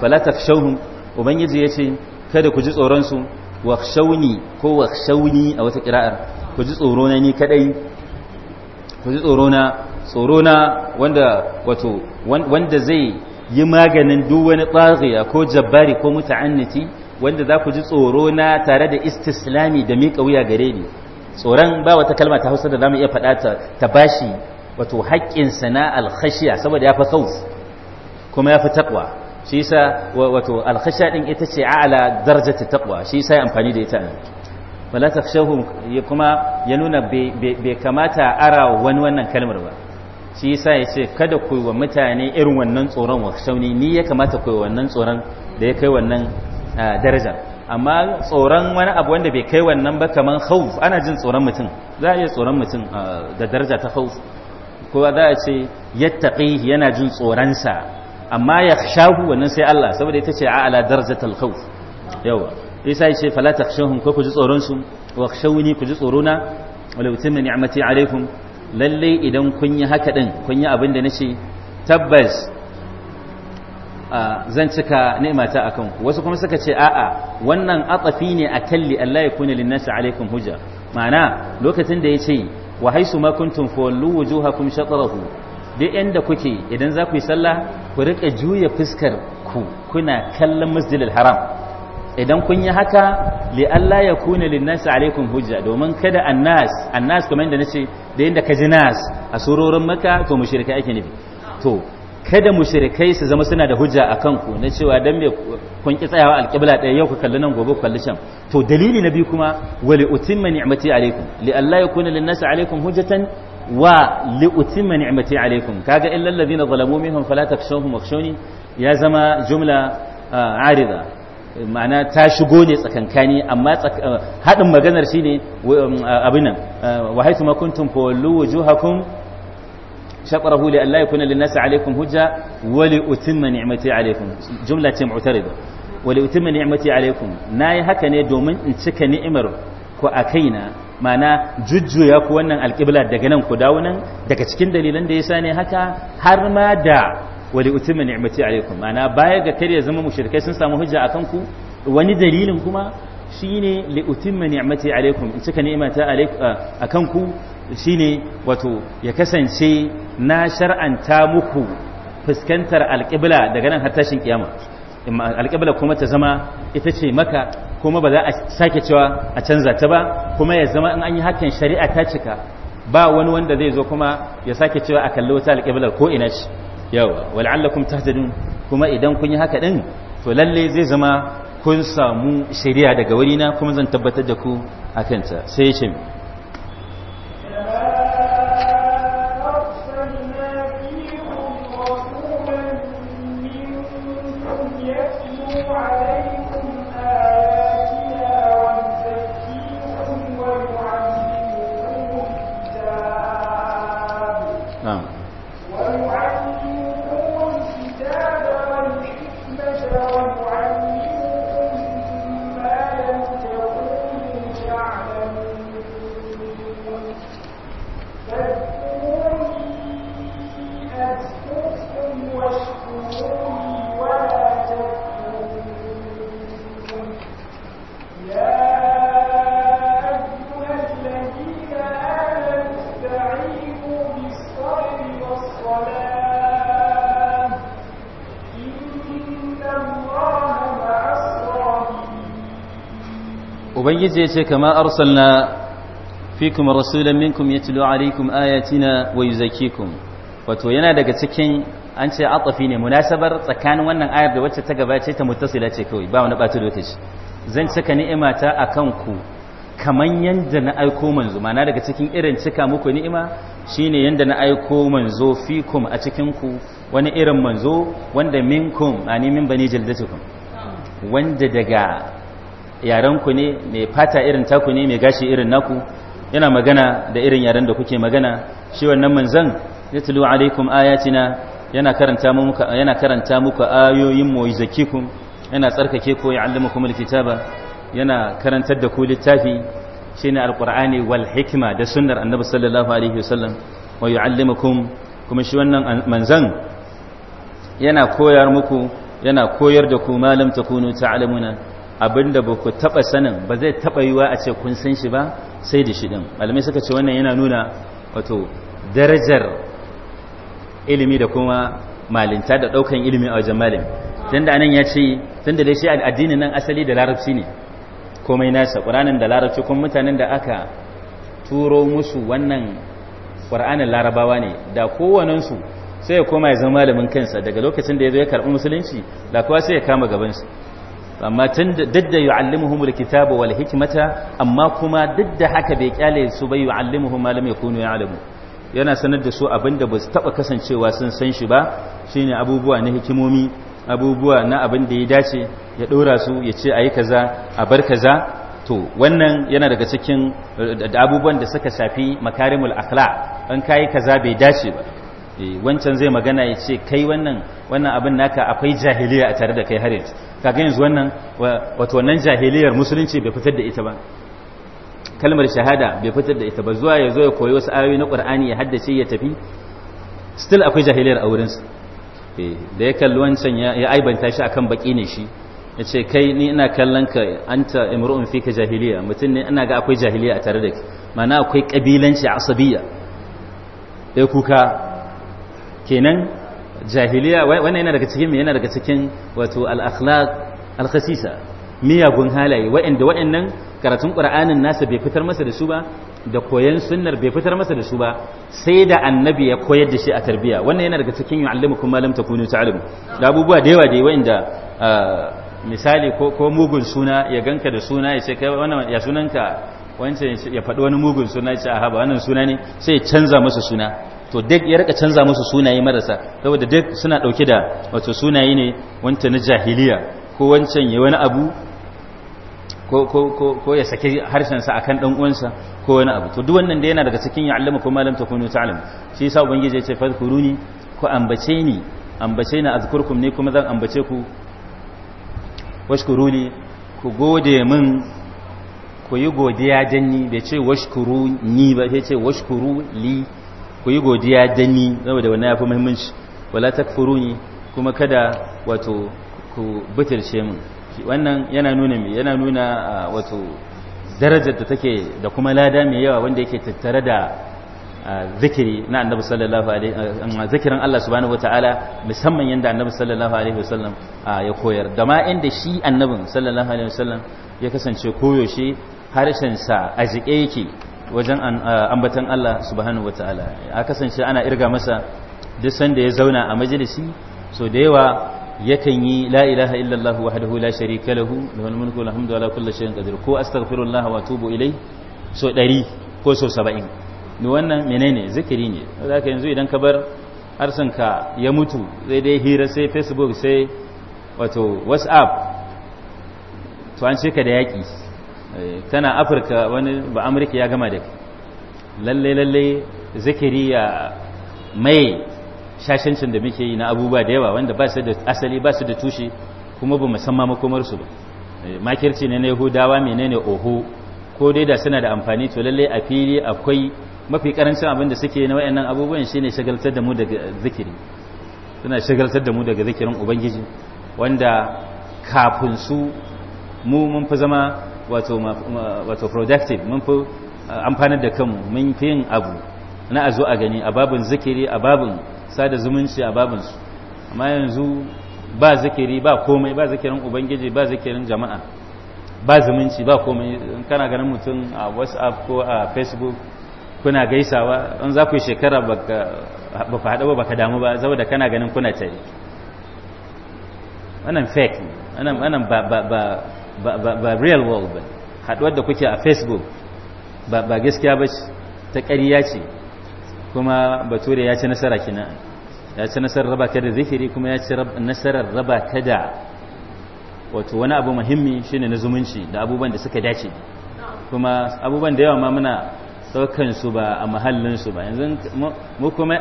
Speaker 1: fala takshawhum ubangiji yace kada ku ji tsoron su wakhshawni ko wakhshawni a wata qira'ar ku ji tsoro na ni kadai ku ji tsoro na tsoro na wanda wato wanda zai yi maganin duk wani tsagiya ko jabbari ko muta'anniti wanda za ku ji tsoro na tare da istislami da miƙa wuya gare ni tsoron ba wata kalma ta hausa da za mu iya faɗa ta bashi wato haƙƙinsa na alkhashiya saboda ya fi khawf kuma ya fi taqwa shi yasa wato alkhashiya din ita ce a'ala darajati taqwa shi yasa amfani da ita wala takhshawhum kuma ya nuna bai kamata ara wani wannan kalmar ba shi yasa ya ce kada ku wa mutane irin wannan tsoron wa shauni ni ya kamata ku wannan tsoron da ya kai wannan daraja amma tsoron wani abu wanda bai kai wannan ba kaman khawf ana jin tsoron mutum za a iya tsoron mutum da daraja ta khawf ko za a ce yattaqi yana jin tsoron sa amma ya shahu wannan sai Allah saboda ita ce a'ala darajatul khawf yawa isa ya ce fala takhshawhum ko ku ji tsoron su wa khshawni ku ji tsorona walau tunna ni'mati alaikum lalle idan kun yi haka din kun yi abin da nace tabbas zan cika ni'imata akan ku wasu kuma suka ce a'a wannan atafi ne a kalli Allah ya kuna linnasi alaikum hujja ma'ana lokacin da ya ce wa haisu ma kuntum wallu wujuhakum shatrahu duk inda kuke idan za ku yi sallah ku rika juya fuskar ku kuna kallon masjidil haram idan kun yi haka li Allah ya kuna linnasi alaikum hujja domin kada annas annas kamar yadda nace da yadda ka ji nas a surorin maka to mushrika ake nufi to kada mushrikai su zama suna da hujja a kanku na cewa dan me kun ki tsayawa alqibla ɗaya yau ka kalli nan gobe ku kalli can to dalili na biyu kuma wali utimma ni'mati alaikum li alla yakuna lin nas alaikum hujjatan wa li utimma ni'mati alaikum kaga illal ladina zalamu minhum fala takshawhum wakhshawni ya zama jumla arida ma'ana ta shigo ne tsakankani amma haɗin maganar shine um, abin nan wa fawallu wujuhakum شطره لألا يكون للناس عليكم هجة ولأتم نعمتي عليكم جملة معترضة ولأتم نعمتي عليكم ناي هكا ne domin in cika ni'imar ku a kaina mana jujjuya ko wannan alƙibla daga nan ku dawo nan daga cikin dalilan da yasa ne haka har ma da wali utima ni'mati alaikum mana baya ga kare zama mushrikai sun samu hujja akan ku wani dalilin kuma shine li utimma ni'mati alaikum in cika ni'mata akan ku shine wato ya kasance na shar'anta muku fuskantar alƙibla daga nan har tashin kiyama alƙibla kuma ta zama ita ce maka kuma ba za a sake cewa a canza ta ba kuma ya zama in an yi hakan shari'a ta cika ba wani wanda zai zo kuma ya sake cewa a kalli wata alƙiblar ko ina ce yawa wal'allakum tahtadun kuma idan kun yi haka din to lalle zai zama kun samu shari'a daga wani na kuma zan tabbatar da ku a kanta sai ya ce ubangiji yace kama arsalna fikum rasulan minkum yatlu alaikum ayatina wa yuzakkikum wato yana daga cikin an ce atafi ne munasabar tsakanin wannan ayar da wacce ta gabace ta muttasila ce kawai ba wani bata lokaci zan cika ni'ima ta akan ku kaman yanda na aiko manzo mana daga cikin irin cika muku ni'ima shine yanda na aiko manzo fikum a cikin ku wani irin manzo wanda minkum ani min bani jildatukum wanda daga yarenku ne mai fata irin taku ne mai gashi irin naku yana magana da irin yaren da kuke magana shi wannan manzon yatlu alaikum ayatina yana karanta muku yana karanta muku ayoyin mu'izatikum yana tsarkake ku ko ya'allimukum alkitaba yana karantar da ku littafi shine alqur'ani wal hikma da sunnar annabi sallallahu alaihi wasallam wa yu'allimukum kuma shi wannan manzon yana koyar muku yana koyar da ku malam takunu ta'lamuna abinda ba ku taba sanin ba zai taba yiwa a ce kun san shi ba sai da shi din malamai suka ce wannan yana nuna wato darajar ilimi da kuma malinta da ɗaukan ilimi a wajen malim tun anan ya ce tun da dai shi addini nan asali da larabci ne komai nasa qur'anin da larabci kuma mutanen da aka turo musu wannan ƙuranin larabawa ne da su sai ya koma ya zama malamin kansa daga lokacin da ya zo ya karɓi musulunci da kowa sai ya kama shi amma tun duk da yu'allimuhum alkitaba wal hikmata amma kuma duk da haka bai kyale su bai yu'allimuhum ma lam yakunu ya'lamu yana sanar da su abinda ba su taba kasancewa sun san shi ba shine abubuwa na hikimomi abubuwa na abin da ya dace ya dora su ya ce ayi kaza a bar kaza to wannan yana daga cikin abubuwan da suka shafi makarimul akhlaq an kai kaza bai dace ba Eh, wancan zai magana ya ce kai wannan wannan abin naka akwai jahiliya a tare da kai har yanzu kaga yanzu wannan wato wannan jahiliyar musulunci bai fitar da ita ba kalmar shahada bai fitar da ita ba zuwa ya zo ya koyi wasu ayoyi na qur'ani ya haddace ya tafi still akwai jahiliyar a wurinsa eh, da ya kalli wancan ya aibanta shi akan baki ne shi ya ce kai ni ina kallon ka anta imru'un fika jahiliya mutum ne ina ga akwai jahiliya a tare da ki mana akwai kabilanci asabiya ya kuka kenan jahiliya wannan yana daga cikin yana daga cikin wato al-akhlaq al-khasisa miyagun halaye wa'anda wa'annan karatun qur'anin nasa bai fitar masa da su ba da koyan sunnar bai fitar masa da su ba sai da annabi ya koyar da shi a tarbiya wannan yana daga cikin yu'allimukum ma lam takunu ta'lamu da abubuwa da yawa da wa'anda ah, misali ko ko mugun suna ya ganka da suna ya ce kai wannan ya sunanka wancan ya faɗi wani mugun suna ya ce a haba wannan suna ne sai ya canza masa suna to duk ya rika canza musu sunaye marasa saboda duk suna dauke da wato sunaye ne wanta na jahiliya ko wancan ya wani abu ko ko ko ko ya saki harshen sa akan dan uwansa ko wani abu to duk wannan da yana daga cikin ya allama ko malam takunu ta'lam shi yasa ubangiji ya ce fadkuruni ko ambace ni ambace ni azkurkum ne kuma zan ambace ku washkuruni ku gode min ku yi godiya ni bai ce washkuru ni ba sai ce washkuru li ku yi godiya da ni saboda wannan yafi muhimmanci wala takfuruni kuma kada wato ku bitirce min wannan yana nuna me yana nuna wato darajar da take da kuma lada mai yawa wanda yake tattare da zikiri na annabi sallallahu alaihi wasallam zikirin Allah subhanahu wataala musamman yanda annabi sallallahu alaihi wasallam ya koyar da ma inda shi annabin sallallahu alaihi wasallam ya kasance koyaushe harshen sa a jike yake wajen ambatan Allah subhanahu wa ta'ala a kasance ana irga masa duk sanda ya zauna a majalisi so da yawa yakan yi la ilaha illallah wahdahu la sharika lahu wani mulku wal hamdu ala kulli shay'in qadir ko astaghfirullah wa tubu ilai so 100 ko so 70 ni wannan menene zikiri ne zaka yanzu idan ka bar harsanka ya mutu sai dai hira sai facebook sai wato whatsapp to an ce ka da yaki Eh, tana afirka wani ba amurka ya gama da lalle lalle zikiri ya mai shashancin da muke yi na abubuwa da yawa wanda ba su da asali ba su da tushe kuma ba musamman makomarsu ba eh, makirci ne na yahudawa menene oho ko dai da suna da amfani to lalle a fili akwai mafi karancin abin da suke na wayannan abubuwan shine shagaltar da mu daga zikiri suna shagaltar da mu daga zikirin ubangiji wanda kafin su mu mun fi zama wato wato productive mun fi uh, amfanar da kanmu mun fi yin abu na a zo a gani a babin zikiri a babin sada zumunci a babin su amma yanzu ba zikiri ba komai ba zikirin ubangiji ba zikirin jama'a ba zumunci ba komai kana ganin mutum a whatsapp ko a facebook kuna gaisawa in za ku yi shekara ba ka haɗu ba ka damu ba saboda kana ganin kuna tare wannan fake wannan ba ba real world ba haduwar da kuke a facebook ba gaskiya ba ta kariya ce kuma bature ya ci nasara kina ya ci nasarar raba ka da zikiri kuma ya ci nasarar raba ka da wato wani abu muhimmi ne na zumunci da abubuwan da suka dace kuma abubuwan da yawa ma muna saukan su ba a mahallinsu ba yanzu mu kuma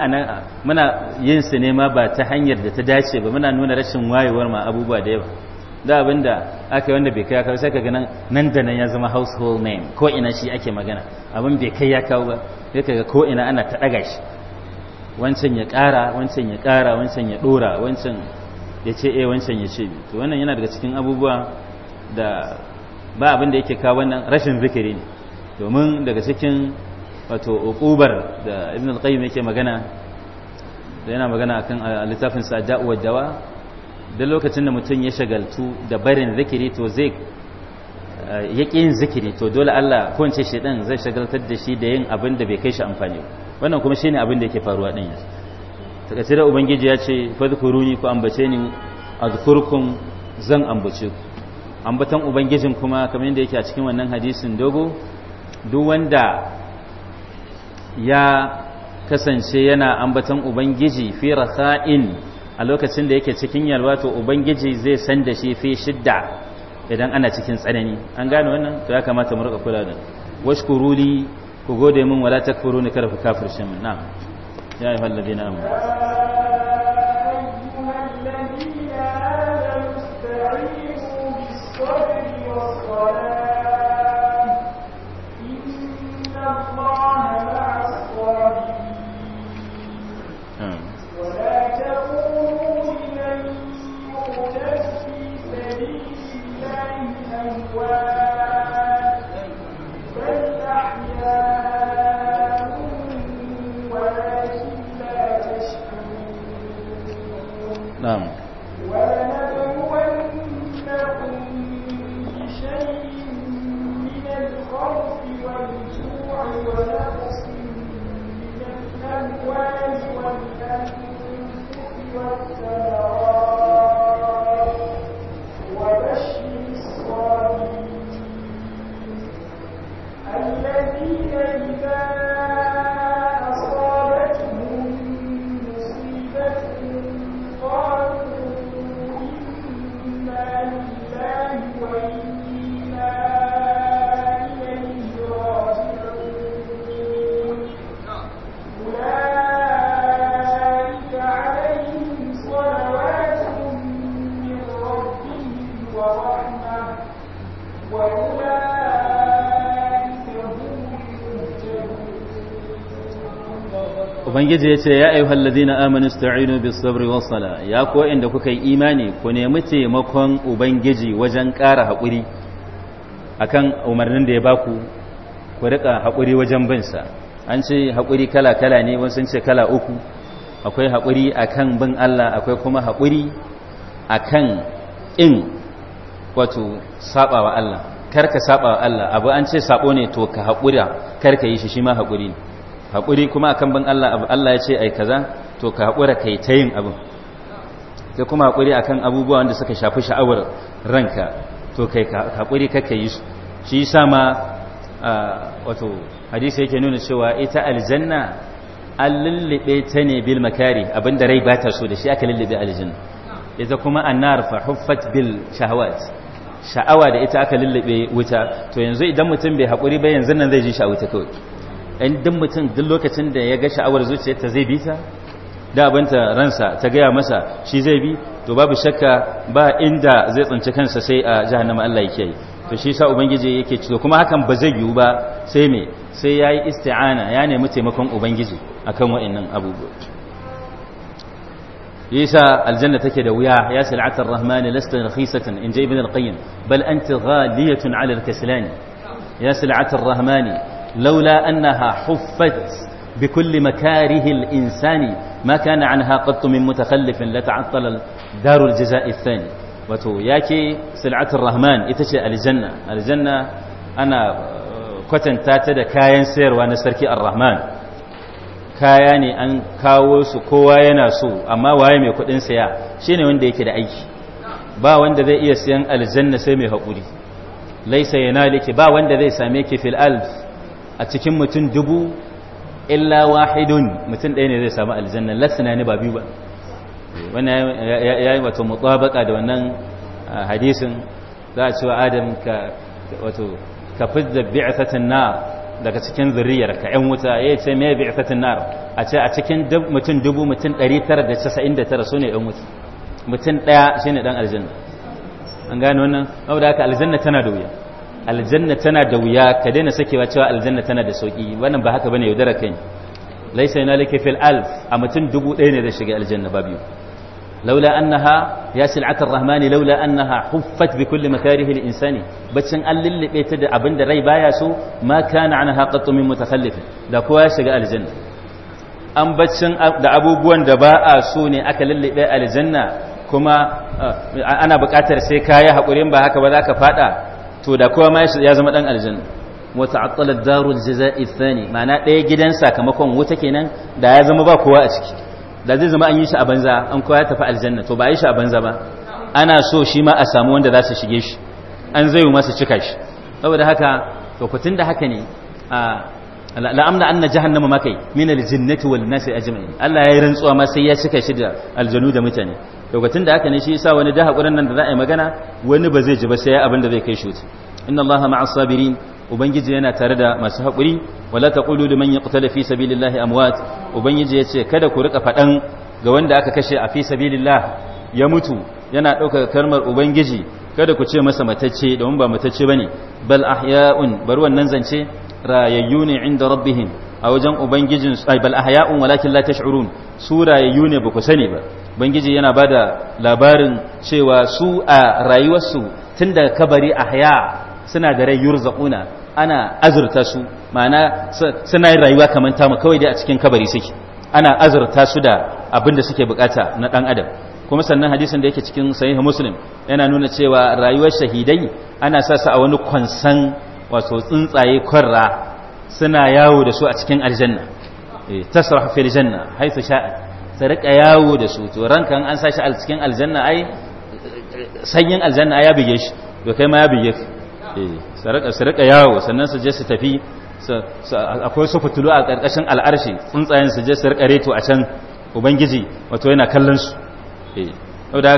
Speaker 1: muna yin su ne ma ba ta hanyar da ta dace ba muna nuna rashin wayewar ma abubuwa da yawa da abin da aka yi wanda bai kai ya kawo sai ka ganin nan da nan ya zama household name ko ina shi ake magana abin bai kai ya kawo ba ya kaga ga ko ina ana ta daga shi wancan ya ƙara wancan ya kara wancan ya ɗora wancan ya ce eh wancan ya ce bi to wannan yana daga cikin abubuwa da ba abin da yake kawo wannan rashin zikiri ne domin daga cikin wato uqubar da ibn al-qayyim yake magana da yana magana akan littafin sa da'u wa dawa duk lokacin da mutum ya shagaltu da barin zikiri to zai eh, ya yin zikiri to dole Allah ko shi ce zai shagaltar da shi da yin abin da bai kai shi amfani wannan kuma shi ne abin da yake faruwa ɗin yanzu takaice da ubangiji ya ce fadhkuruni ku ambace ni zukurkun zan ambace ku ambatan ubangijin kuma kamar yadda yake a cikin wannan hadisin dogo duk wanda ya kasance yana ambatan ubangiji fi rasa'in a lokacin da yake cikin yalwa to ubangiji zai san da shi fi shidda idan ana cikin tsanani an gane wannan to ya kamata mu rika kula da washkuru li ku gode min wala takfuruni kada ku kafirce min ya ayyuhallazina amanu ubangiji ya ce ya ayyuha allazina amanu sta'inu bis sabri was sala ya ko inda kuka yi imani ku nemi taimakon ubangiji wajen ƙara hakuri akan umarnin da ya baku ku rika hakuri wajen bin sa an ce hakuri kala kala ne wasu ce kala uku akwai hakuri akan bin Allah akwai kuma hakuri kan in wato saba wa Allah karka saba Allah abu an ce sabo ne to ka hakura karka yi shi shi ma hakuri ne haƙuri kuma akan bin Allah Allah ya ce ai kaza to ka haƙura kai ta yin abu sai kuma haƙuri akan abubuwa wanda suka shafi sha'awar ranka to kai ka haƙuri ka yi su shi sama wato hadisi yake nuna cewa ita aljanna an lullube ta ne bil makari abinda rai ba ta so da shi aka lullube aljanna ita kuma annar fa huffat bil shahawat sha'awa da ita aka lullube wuta to yanzu idan mutum bai haƙuri ba yanzu nan zai ji shi a wuta kawai in duk mutum duk lokacin da ya ga sha'awar zuciyarta zai bi ta da abinta ransa ta gaya masa shi zai bi to babu shakka ba inda zai tsinci kansa sai a jahannama Allah yake yi to shi sa ubangiji yake cewa kuma hakan ba zai yiwu ba sai me sai yayi isti'ana ya nemi taimakon ubangiji akan wa'annan abubuwa yasa aljanna take da wuya ya sal'atar rahman lasta rakhisatan in ibn al-qayyim bal anta ghaliyatun 'ala al-kaslan ya sal'atar rahmani لولا أنها حفت بكل مكاره الإنسان ما كان عنها قط من متخلف لتعطل دار الجزاء الثاني wato ya ke sil'atul rahman ita ce aljanna aljanna ana kwatanta ta da kayan sayarwa na sarki ar-rahman kaya ne an kawo su kowa yana so amma waye mai kudin saya shine wanda yake da aiki ba wanda zai iya siyan aljanna sai mai haƙuri laisa yana liki ba wanda zai same ki fil alf a cikin mutum dubu illa wahidun mutum ɗaya ne zai samu aljanna lasina ne ba biyu ba wannan yi wato mutabaka da wannan hadisin za a cewa adam ka wato ka fidda bi'satan na daga cikin zuriyar ka ƴan wuta ya ce me bi'satan na a ce a cikin mutum dubu mutum ɗari tara da su ne ƴan wuta mutum ɗaya shine ɗan aljanna an gane wannan da aka aljanna tana da wuya aljanna tana da wuya ka daina sakewa cewa aljanna tana da sauki wannan ba haka bane yaudara kai laisa yana lake fil alf a mutum dubu ɗaya ne da shiga aljanna ba biyu laula annaha ya sil'ata rahmani laula annaha huffat bi kulli makarihi lil insani bacin an lullube ta da abinda rai baya so ma kana anha qattu min mutakhallif da kowa ya shiga aljanna an bacin da abubuwan da ba a so ne aka lullube aljanna kuma eh, ana buƙatar sai kayi haƙurin ba haka ba za ka faɗa to da kowa ma ya zama dan aljanna wata ta'attala darul jazaa'i thani ma'ana ɗaya gidan sakamakon wuta kenan da ya zama ba kowa a ciki da zai zama an yi shi a banza an kowa ya tafi aljanna to ba yi shi a banza ba ana so shi ma a samu wanda za su shige shi an zai masa cika shi saboda haka to kutun da haka ne a la'amna anna jahannama makai min aljinnati wal nasi ajma'in Allah ya yi rantsuwa ma sai ya cika shi da aljanu da mutane lokacin da aka ne shi yasa wani da hakurin nan da za a yi magana wani ba zai ji ba sai ya abin da zai kai shi wuce inna Allah ma'as sabirin ubangiji yana tare da masu hakuri wala taqulu liman yaqtalu fi sabilillahi amwat ubangiji yace kada ku rika fadan ga wanda aka kashe a fi sabilillah ya mutu yana ɗaukar karmar ubangiji kada ku ce masa matacce domin ba matacce bane bal ahya'un bar wannan zance rayayyu ne inda rabbihim a wajen ubangijin ai bal ahya'un walakin la tash'urun su rayayyu ne ba ku sani ba ubangiji yana bada labarin cewa su a rayuwarsu tun daga kabari ahya suna da rai yurzaquna ana azurta su ma'ana suna yin rayuwa kamar tamu kawai dai a cikin kabari suke ana azurta su da abin da suke bukata na dan adam kuma sannan hadisin da yake cikin sahih muslim yana nuna cewa rayuwar shahidai ana sa a wani kwansan wato tsuntsaye kwarra suna yawo da su a cikin aljanna eh, tasrah fil janna haythu sha'a su rika yawo da su to ranka an sa shi a cikin aljanna ai sanyin aljanna ya bige shi to kai ma ya bige ka eh, su rika yawo sannan su je su tafi akwai su fitulu a ƙarƙashin al'arshi tsuntsayen su je su rika reto a can ubangiji wato yana kallon su eh, da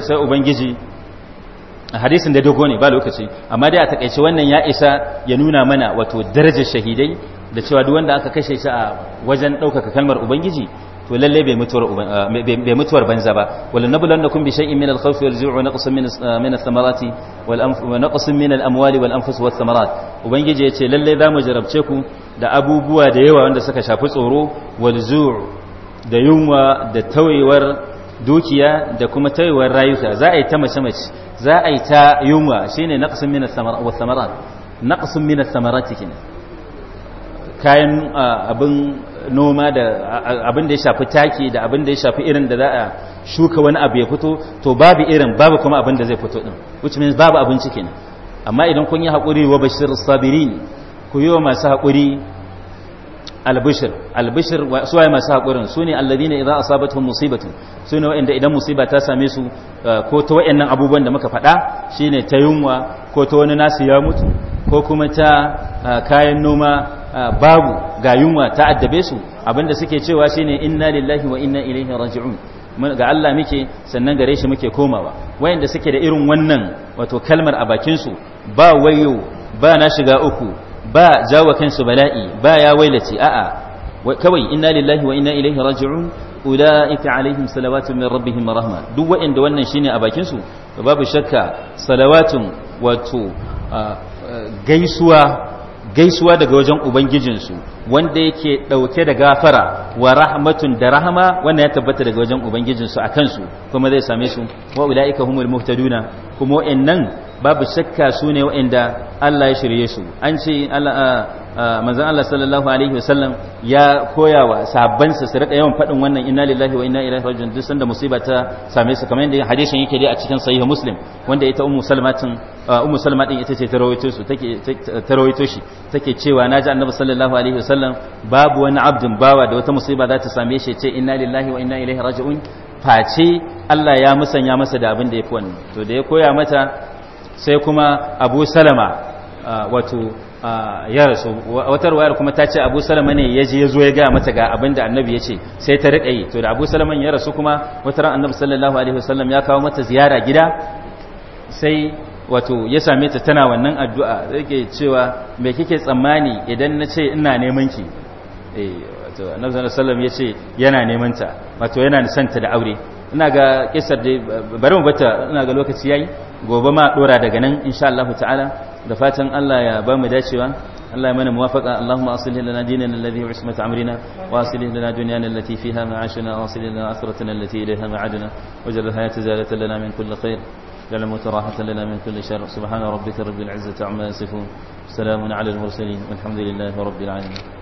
Speaker 1: sai ubangiji hadisin da dogo ne ba lokaci amma dai a takaice wannan ya isa ya nuna mana wato darajar shahidai da cewa duk wanda aka kashe shi a wajen ɗaukaka kalmar ubangiji to lalle bai mutuwar bai mutuwar banza ba wala nablannakum bi shay'in min al-khawfi wal-ju'i wa naqsin min min ath-thamarati wa naqsin min al-amwali wal-anfus wath-thamarat ubangiji yace lalle zamu jarabce ku da abubuwa da yawa wanda suka shafi tsoro wal-ju' da yunwa da tawayewar dukiya da kuma tawayewar rayuka za a yi ta mace mace za a yi ta yunwa shi ne min as-samarat wa samarat naqsun min as-samarat kayan abin noma da abin da ya shafi taki da abin da ya shafi irin da za a shuka wani abu ya fito to babu irin babu kuma abin da zai fito din which means babu abin cikin amma idan kun yi haƙuri wa bashir sabirin ku yi wa masu haƙuri albishir albishir su waye masu hakurin su ne alladina idan asabatuhum musibatun su ne wa'anda idan musiba ta same su uh, ko ta wa'annan abubuwan da muka faɗa shine ta yunwa ko ta wani nasu ya mutu ko kuma ta uh, kayan noma uh, babu ga yunwa ta addabe su abinda suke cewa shine inna lillahi wa inna ilaihi raji'un ga Allah muke sannan gare shi muke komawa wayanda suke da irin wannan wato kalmar a bakin su ba wayo ba na shiga uku ba jawo kansu bala'i ba ya wailace a'a kawai inna lillahi wa inna ilaihi raji'un ulaika alaihim salawatun min rabbihim rahma duk waɗanda wannan shine a bakin su to babu shakka salawatun wato gaisuwa gaisuwa daga wajen ubangijinsu wanda yake ɗauke da gafara wa rahmatun da rahama wannan ya tabbata daga wajen ubangijinsu a kansu kuma zai same su wa ula'ika humul muhtaduna kuma wa'annan babu shakka su ne waɗanda Allah ya shirye su an ce manzan Allah sallallahu alaihi wasallam ya koya wa sahabbansa su rika yawan faɗin wannan inna lillahi wa inna ilaihi rajiun duk sanda musiba ta same su kamar yadda hadisin yake dai a cikin sahih muslim wanda ita ummu salmatin ummu salma ita ce ta rawaito su take ta rawaito shi take cewa naji annabi sallallahu alaihi wasallam babu wani abdin bawa da wata musiba za ta same shi ce inna lillahi wa inna ilaihi rajiun face Allah ya musanya masa da abin da ya fi wannan to da ya koya mata sai kuma abu salama wato ya rasu wata ruwayar kuma ta ce abu salama ne ya je ya zo ya gaya mata ga abin da annabi ya ce sai ta riƙa yi to da abu salaman ya rasu kuma wata ran annabi sallallahu alaihi wasallam ya kawo mata ziyara gida sai wato ya same ta tana wannan addu'a yake cewa me kike tsammani idan na ce ina neman ki eh wato annabi sallallahu alaihi wasallam ya ce yana neman ta wato yana ta da aure ina ga kisar dai bari mu bata ina ga lokaci yayi gobe ma dora daga nan insha Allah ta'ala da fatan Allah ya ba mu dacewa Allah ya mana muwafaqa Allahumma aslih lana dinana alladhi huwa ismatu amrina wa aslih lana dunyana allati fiha ma'ashuna wa aslih lana akhiratana allati ilayha ma'aduna waj'al hayata zalatan lana min kulli khair جعل الموت راحة لنا من كل شر سبحان ربك رب العزة عما يصفون سلام على المرسلين والحمد لله رب